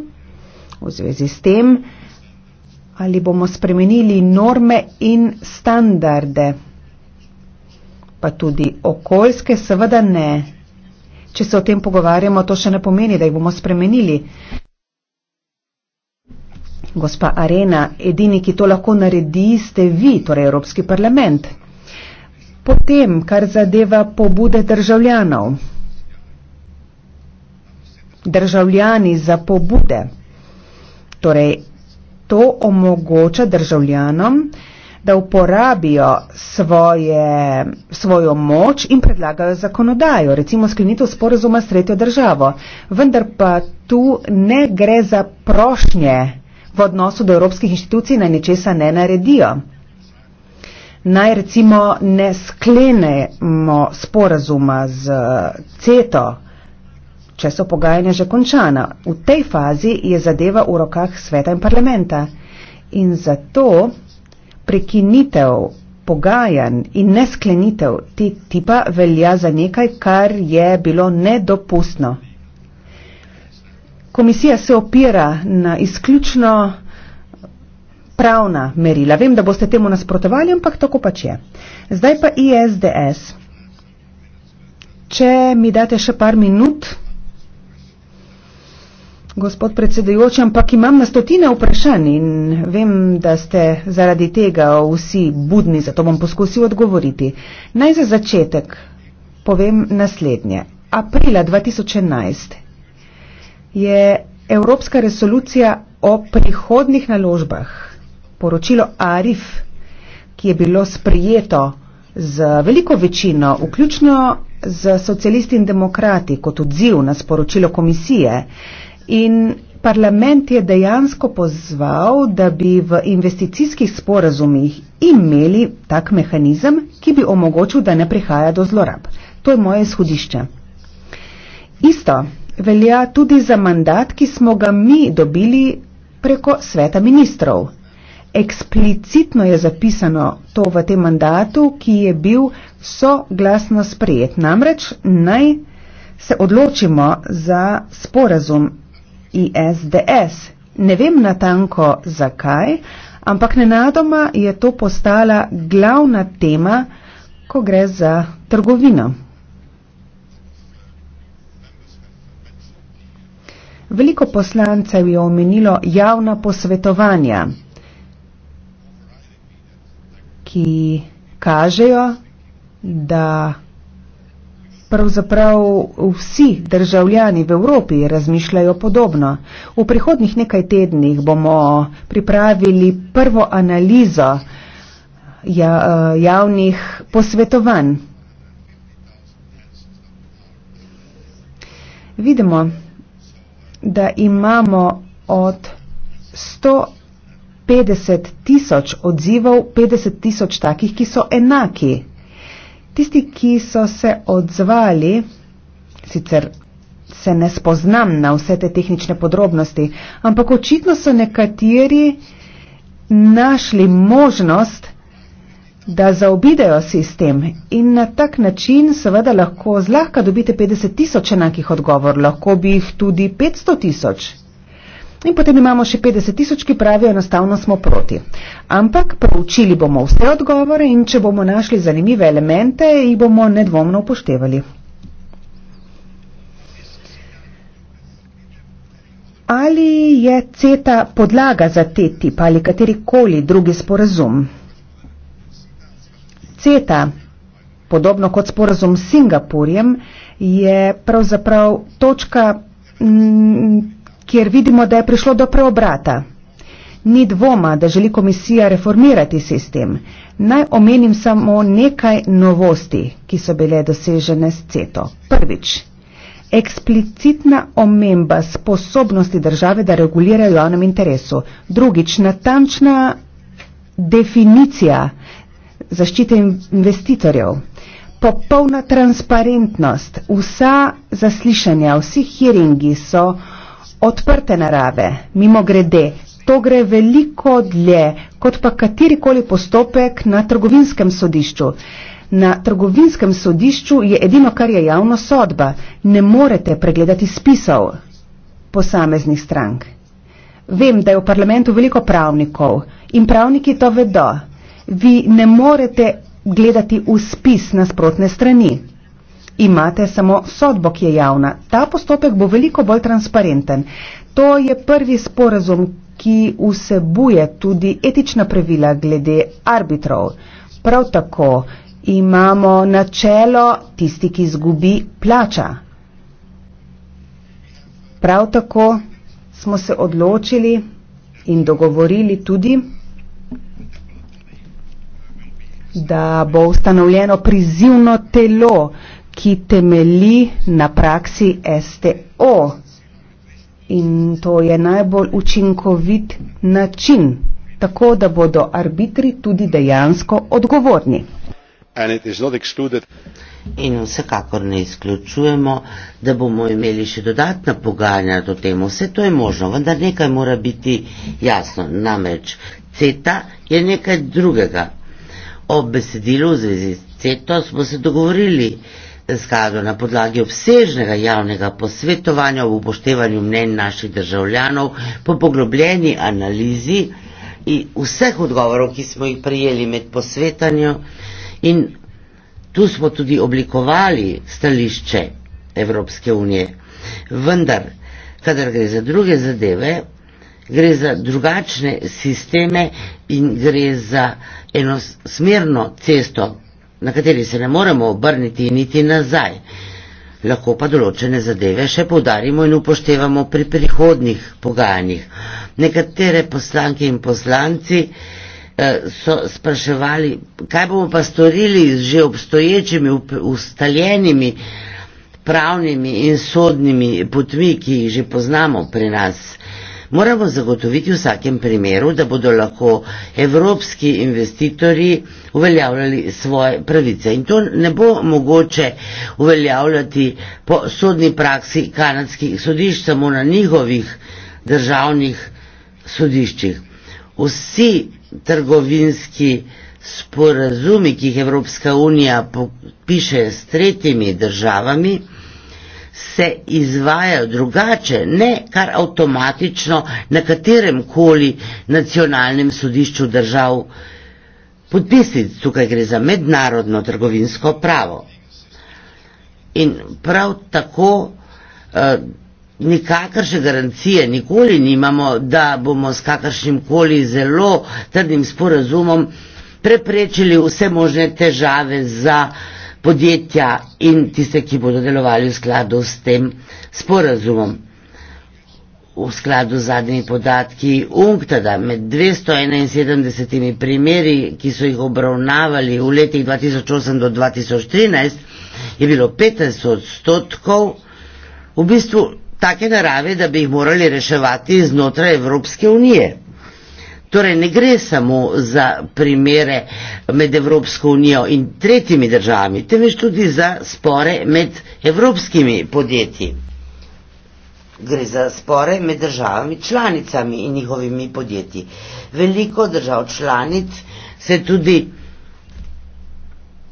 v zvezi s tem, ali bomo spremenili norme in standarde, pa tudi okoljske, seveda ne. Če se o tem pogovarjamo, to še ne pomeni, da jih bomo spremenili. Gospa Arena, edini, ki to lahko naredi, ste vi, torej Evropski parlament. Potem, kar zadeva pobude državljanov. Državljani za pobude. Torej, to omogoča državljanom, da uporabijo svoje, svojo moč in predlagajo zakonodajo, recimo sklenitev sporazuma s tretjo državo. Vendar pa tu ne gre za prošnje v odnosu do evropskih inštitucij, naj nečesa ne naredijo naj recimo ne sklenemo sporazuma z CETO, če so pogajanja že končana. V tej fazi je zadeva v rokah sveta in parlamenta. In zato prekinitev pogajanj in nesklenitev te tipa velja za nekaj, kar je bilo nedopustno. Komisija se opira na izključno pravna merila. Vem, da boste temu nasprotovali, ampak tako pač je. Zdaj pa ISDS. Če mi date še par minut, gospod predsedujoči, ampak imam na stotine vprašanj in vem, da ste zaradi tega vsi budni, zato bom poskusil odgovoriti. Naj za začetek povem naslednje. Aprila 2011 je Evropska resolucija o prihodnih naložbah poročilo Arif, ki je bilo sprijeto z veliko večino, vključno z socialisti in demokrati, kot odziv na sporočilo komisije. In parlament je dejansko pozval, da bi v investicijskih sporazumih imeli tak mehanizem, ki bi omogočil, da ne prihaja do zlorab. To je moje izhodišče. Isto velja tudi za mandat, ki smo ga mi dobili preko sveta ministrov eksplicitno je zapisano to v tem mandatu, ki je bil soglasno sprejet. Namreč naj se odločimo za sporazum ISDS. Ne vem natanko zakaj, ampak nenadoma je to postala glavna tema, ko gre za trgovino. Veliko poslancev je omenilo javna posvetovanja ki kažejo, da pravzaprav vsi državljani v Evropi razmišljajo podobno. V prihodnih nekaj tednih bomo pripravili prvo analizo ja, eh, javnih posvetovanj. Vidimo, da imamo od 100 50 tisoč odzivov, 50 tisoč takih, ki so enaki. Tisti, ki so se odzvali, sicer se ne spoznam na vse te tehnične podrobnosti, ampak očitno so nekateri našli možnost, da zaobidejo sistem in na tak način seveda lahko zlahka dobite 50 tisoč enakih odgovor, lahko bi jih tudi 500 tisoč. In potem imamo še 50 tisoč, ki pravijo, enostavno smo proti. Ampak proučili bomo vse odgovore in če bomo našli zanimive elemente, jih bomo nedvomno upoštevali. Ali je CETA podlaga za TTIP ali katerikoli drugi sporazum? CETA, podobno kot sporazum s Singapurjem, je pravzaprav točka. Mm, kjer vidimo, da je prišlo do preobrata. Ni dvoma, da želi komisija reformirati sistem. Naj omenim samo nekaj novosti, ki so bile dosežene s CETO. Prvič, eksplicitna omemba sposobnosti države, da regulirajo v javnem interesu. Drugič, natančna definicija zaščite investitorjev. Popolna transparentnost. Vsa zaslišanja, vsi hearingi so odprte narave, mimo grede, to gre veliko dlje, kot pa katerikoli postopek na trgovinskem sodišču. Na trgovinskem sodišču je edino, kar je javno sodba. Ne morete pregledati spisov posameznih strank. Vem, da je v parlamentu veliko pravnikov in pravniki to vedo. Vi ne morete gledati v spis nasprotne strani imate samo sodbo, ki je javna. Ta postopek bo veliko bolj transparenten. To je prvi sporazum, ki vsebuje tudi etična pravila glede arbitrov. Prav tako imamo načelo tisti, ki izgubi plača. Prav tako smo se odločili in dogovorili tudi, da bo ustanovljeno prizivno telo, ki temeli na praksi STO. In to je najbolj učinkovit način, tako da bodo arbitri tudi dejansko odgovorni. In vsekakor ne izključujemo, da bomo imeli še dodatna pogajanja do temu. Vse to je možno, vendar nekaj mora biti jasno. Namreč CETA je nekaj drugega. O besedilu v zvezi s CETO smo se dogovorili, skladu na podlagi obsežnega javnega posvetovanja v upoštevanju mnen naših državljanov po poglobljeni analizi in vseh odgovorov, ki smo jih prijeli med posvetanjem in tu smo tudi oblikovali stališče Evropske unije. Vendar, kadar gre za druge zadeve, gre za drugačne sisteme in gre za enosmerno cesto, na kateri se ne moremo obrniti niti nazaj. Lahko pa določene zadeve še povdarimo in upoštevamo pri prihodnih pogajanjih. Nekatere poslanke in poslanci eh, so spraševali, kaj bomo pa storili z že obstoječimi, ustaljenimi pravnimi in sodnimi potmi, ki jih že poznamo pri nas moramo zagotoviti v vsakem primeru, da bodo lahko evropski investitorji uveljavljali svoje pravice. In to ne bo mogoče uveljavljati po sodni praksi kanadskih sodišč samo na njihovih državnih sodiščih. Vsi trgovinski sporazumi, ki jih Evropska unija piše s tretjimi državami, se izvajajo drugače, ne kar avtomatično na katerem koli nacionalnem sodišču držav podpisnic. Tukaj gre za mednarodno trgovinsko pravo. In prav tako eh, nikakršne garancije nikoli nimamo, da bomo s kakršnim koli zelo trdim sporazumom preprečili vse možne težave za eh, podjetja in tiste, ki bodo delovali v skladu s tem sporazumom. V skladu z zadnjimi podatki UNCTAD-a med 271 primeri, ki so jih obravnavali v letih 2008 do 2013, je bilo 15 odstotkov v bistvu take narave, da bi jih morali reševati znotraj Evropske unije. Torej ne gre samo za primere med Evropsko unijo in tretjimi državami, temveč tudi za spore med evropskimi podjetji. Gre za spore med državami članicami in njihovimi podjetji. Veliko držav članic se je tudi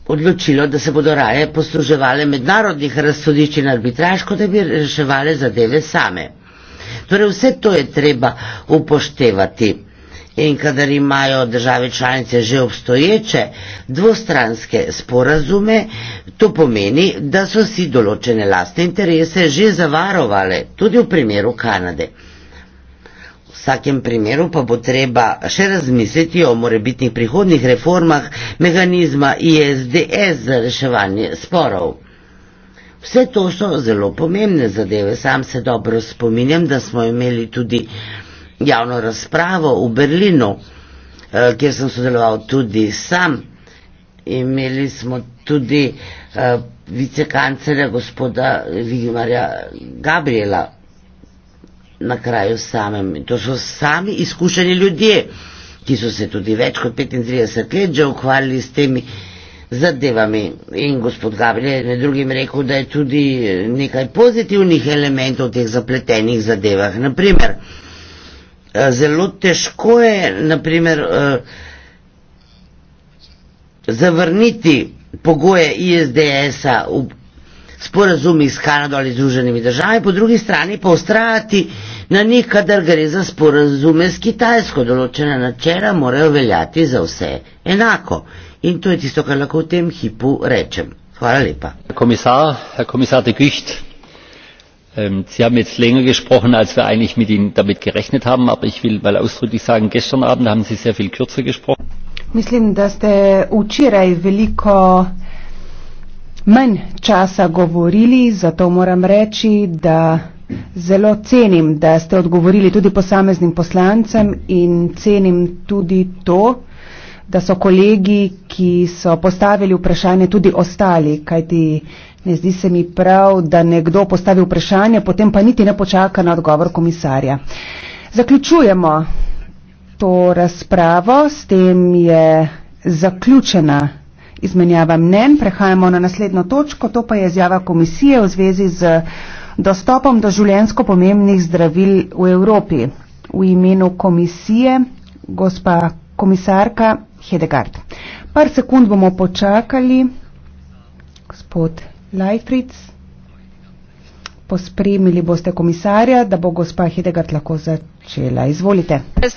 odločilo, da se bodo raje posluževale mednarodnih razsodišč in arbitraž, kot da bi reševali zadeve same. Torej vse to je treba upoštevati in kadar imajo države članice že obstoječe dvostranske sporazume, to pomeni, da so si določene lastne interese že zavarovale, tudi v primeru Kanade. V vsakem primeru pa bo treba še razmisliti o morebitnih prihodnih reformah mehanizma ISDS za reševanje sporov. Vse to so zelo pomembne zadeve. Sam se dobro spominjam, da smo imeli tudi javno razpravo v Berlinu, eh, kjer sem sodeloval tudi sam. Imeli smo tudi uh, eh, vicekancelja gospoda Vigimarja Gabriela na kraju samem. To so sami izkušeni ljudje, ki so se tudi več kot 35 let že ukvarjali s temi zadevami. In gospod Gabriel je med drugim rekel, da je tudi eh, nekaj pozitivnih elementov v teh zapletenih zadevah. Naprimer, uh, Eh, zelo težko je naprimer eh, zavrniti pogoje ISDS-a v sporazumih s Kanado ali Združenimi državami, po drugi strani pa ustrajati na njih, kadar gre za sporazume s Kitajsko. Določena načela morajo veljati za vse enako. In to je tisto, kar lahko v tem hipu rečem. Hvala lepa. Komisar, komisar de Gicht. Ähm, sie haben jetzt länger gesprochen als wir eigentlich mit ihnen damit gerechnet haben aber ich will mal ausdrücklich sagen gestern abend haben sie sehr viel kürzer gesprochen mislim da ste včeraj veliko manj časa govorili zato moram reči da zelo cenim da ste odgovorili tudi posameznim poslancem in cenim tudi to da so kolegi ki so postavili vprašanje tudi ostali kajti Ne zdi se mi prav, da nekdo postavi vprašanje, potem pa niti ne počaka na odgovor komisarja. Zaključujemo to razpravo, s tem je zaključena izmenjava mnen. Prehajamo na naslednjo točko, to pa je izjava komisije v zvezi z dostopom do življensko pomembnih zdravil v Evropi. V imenu komisije, gospa komisarka Hedegard. Par sekund bomo počakali. Gospod Lajfric. Pospremili boste komisarja, da bo gospa Hidegard lahko začela. Izvolite.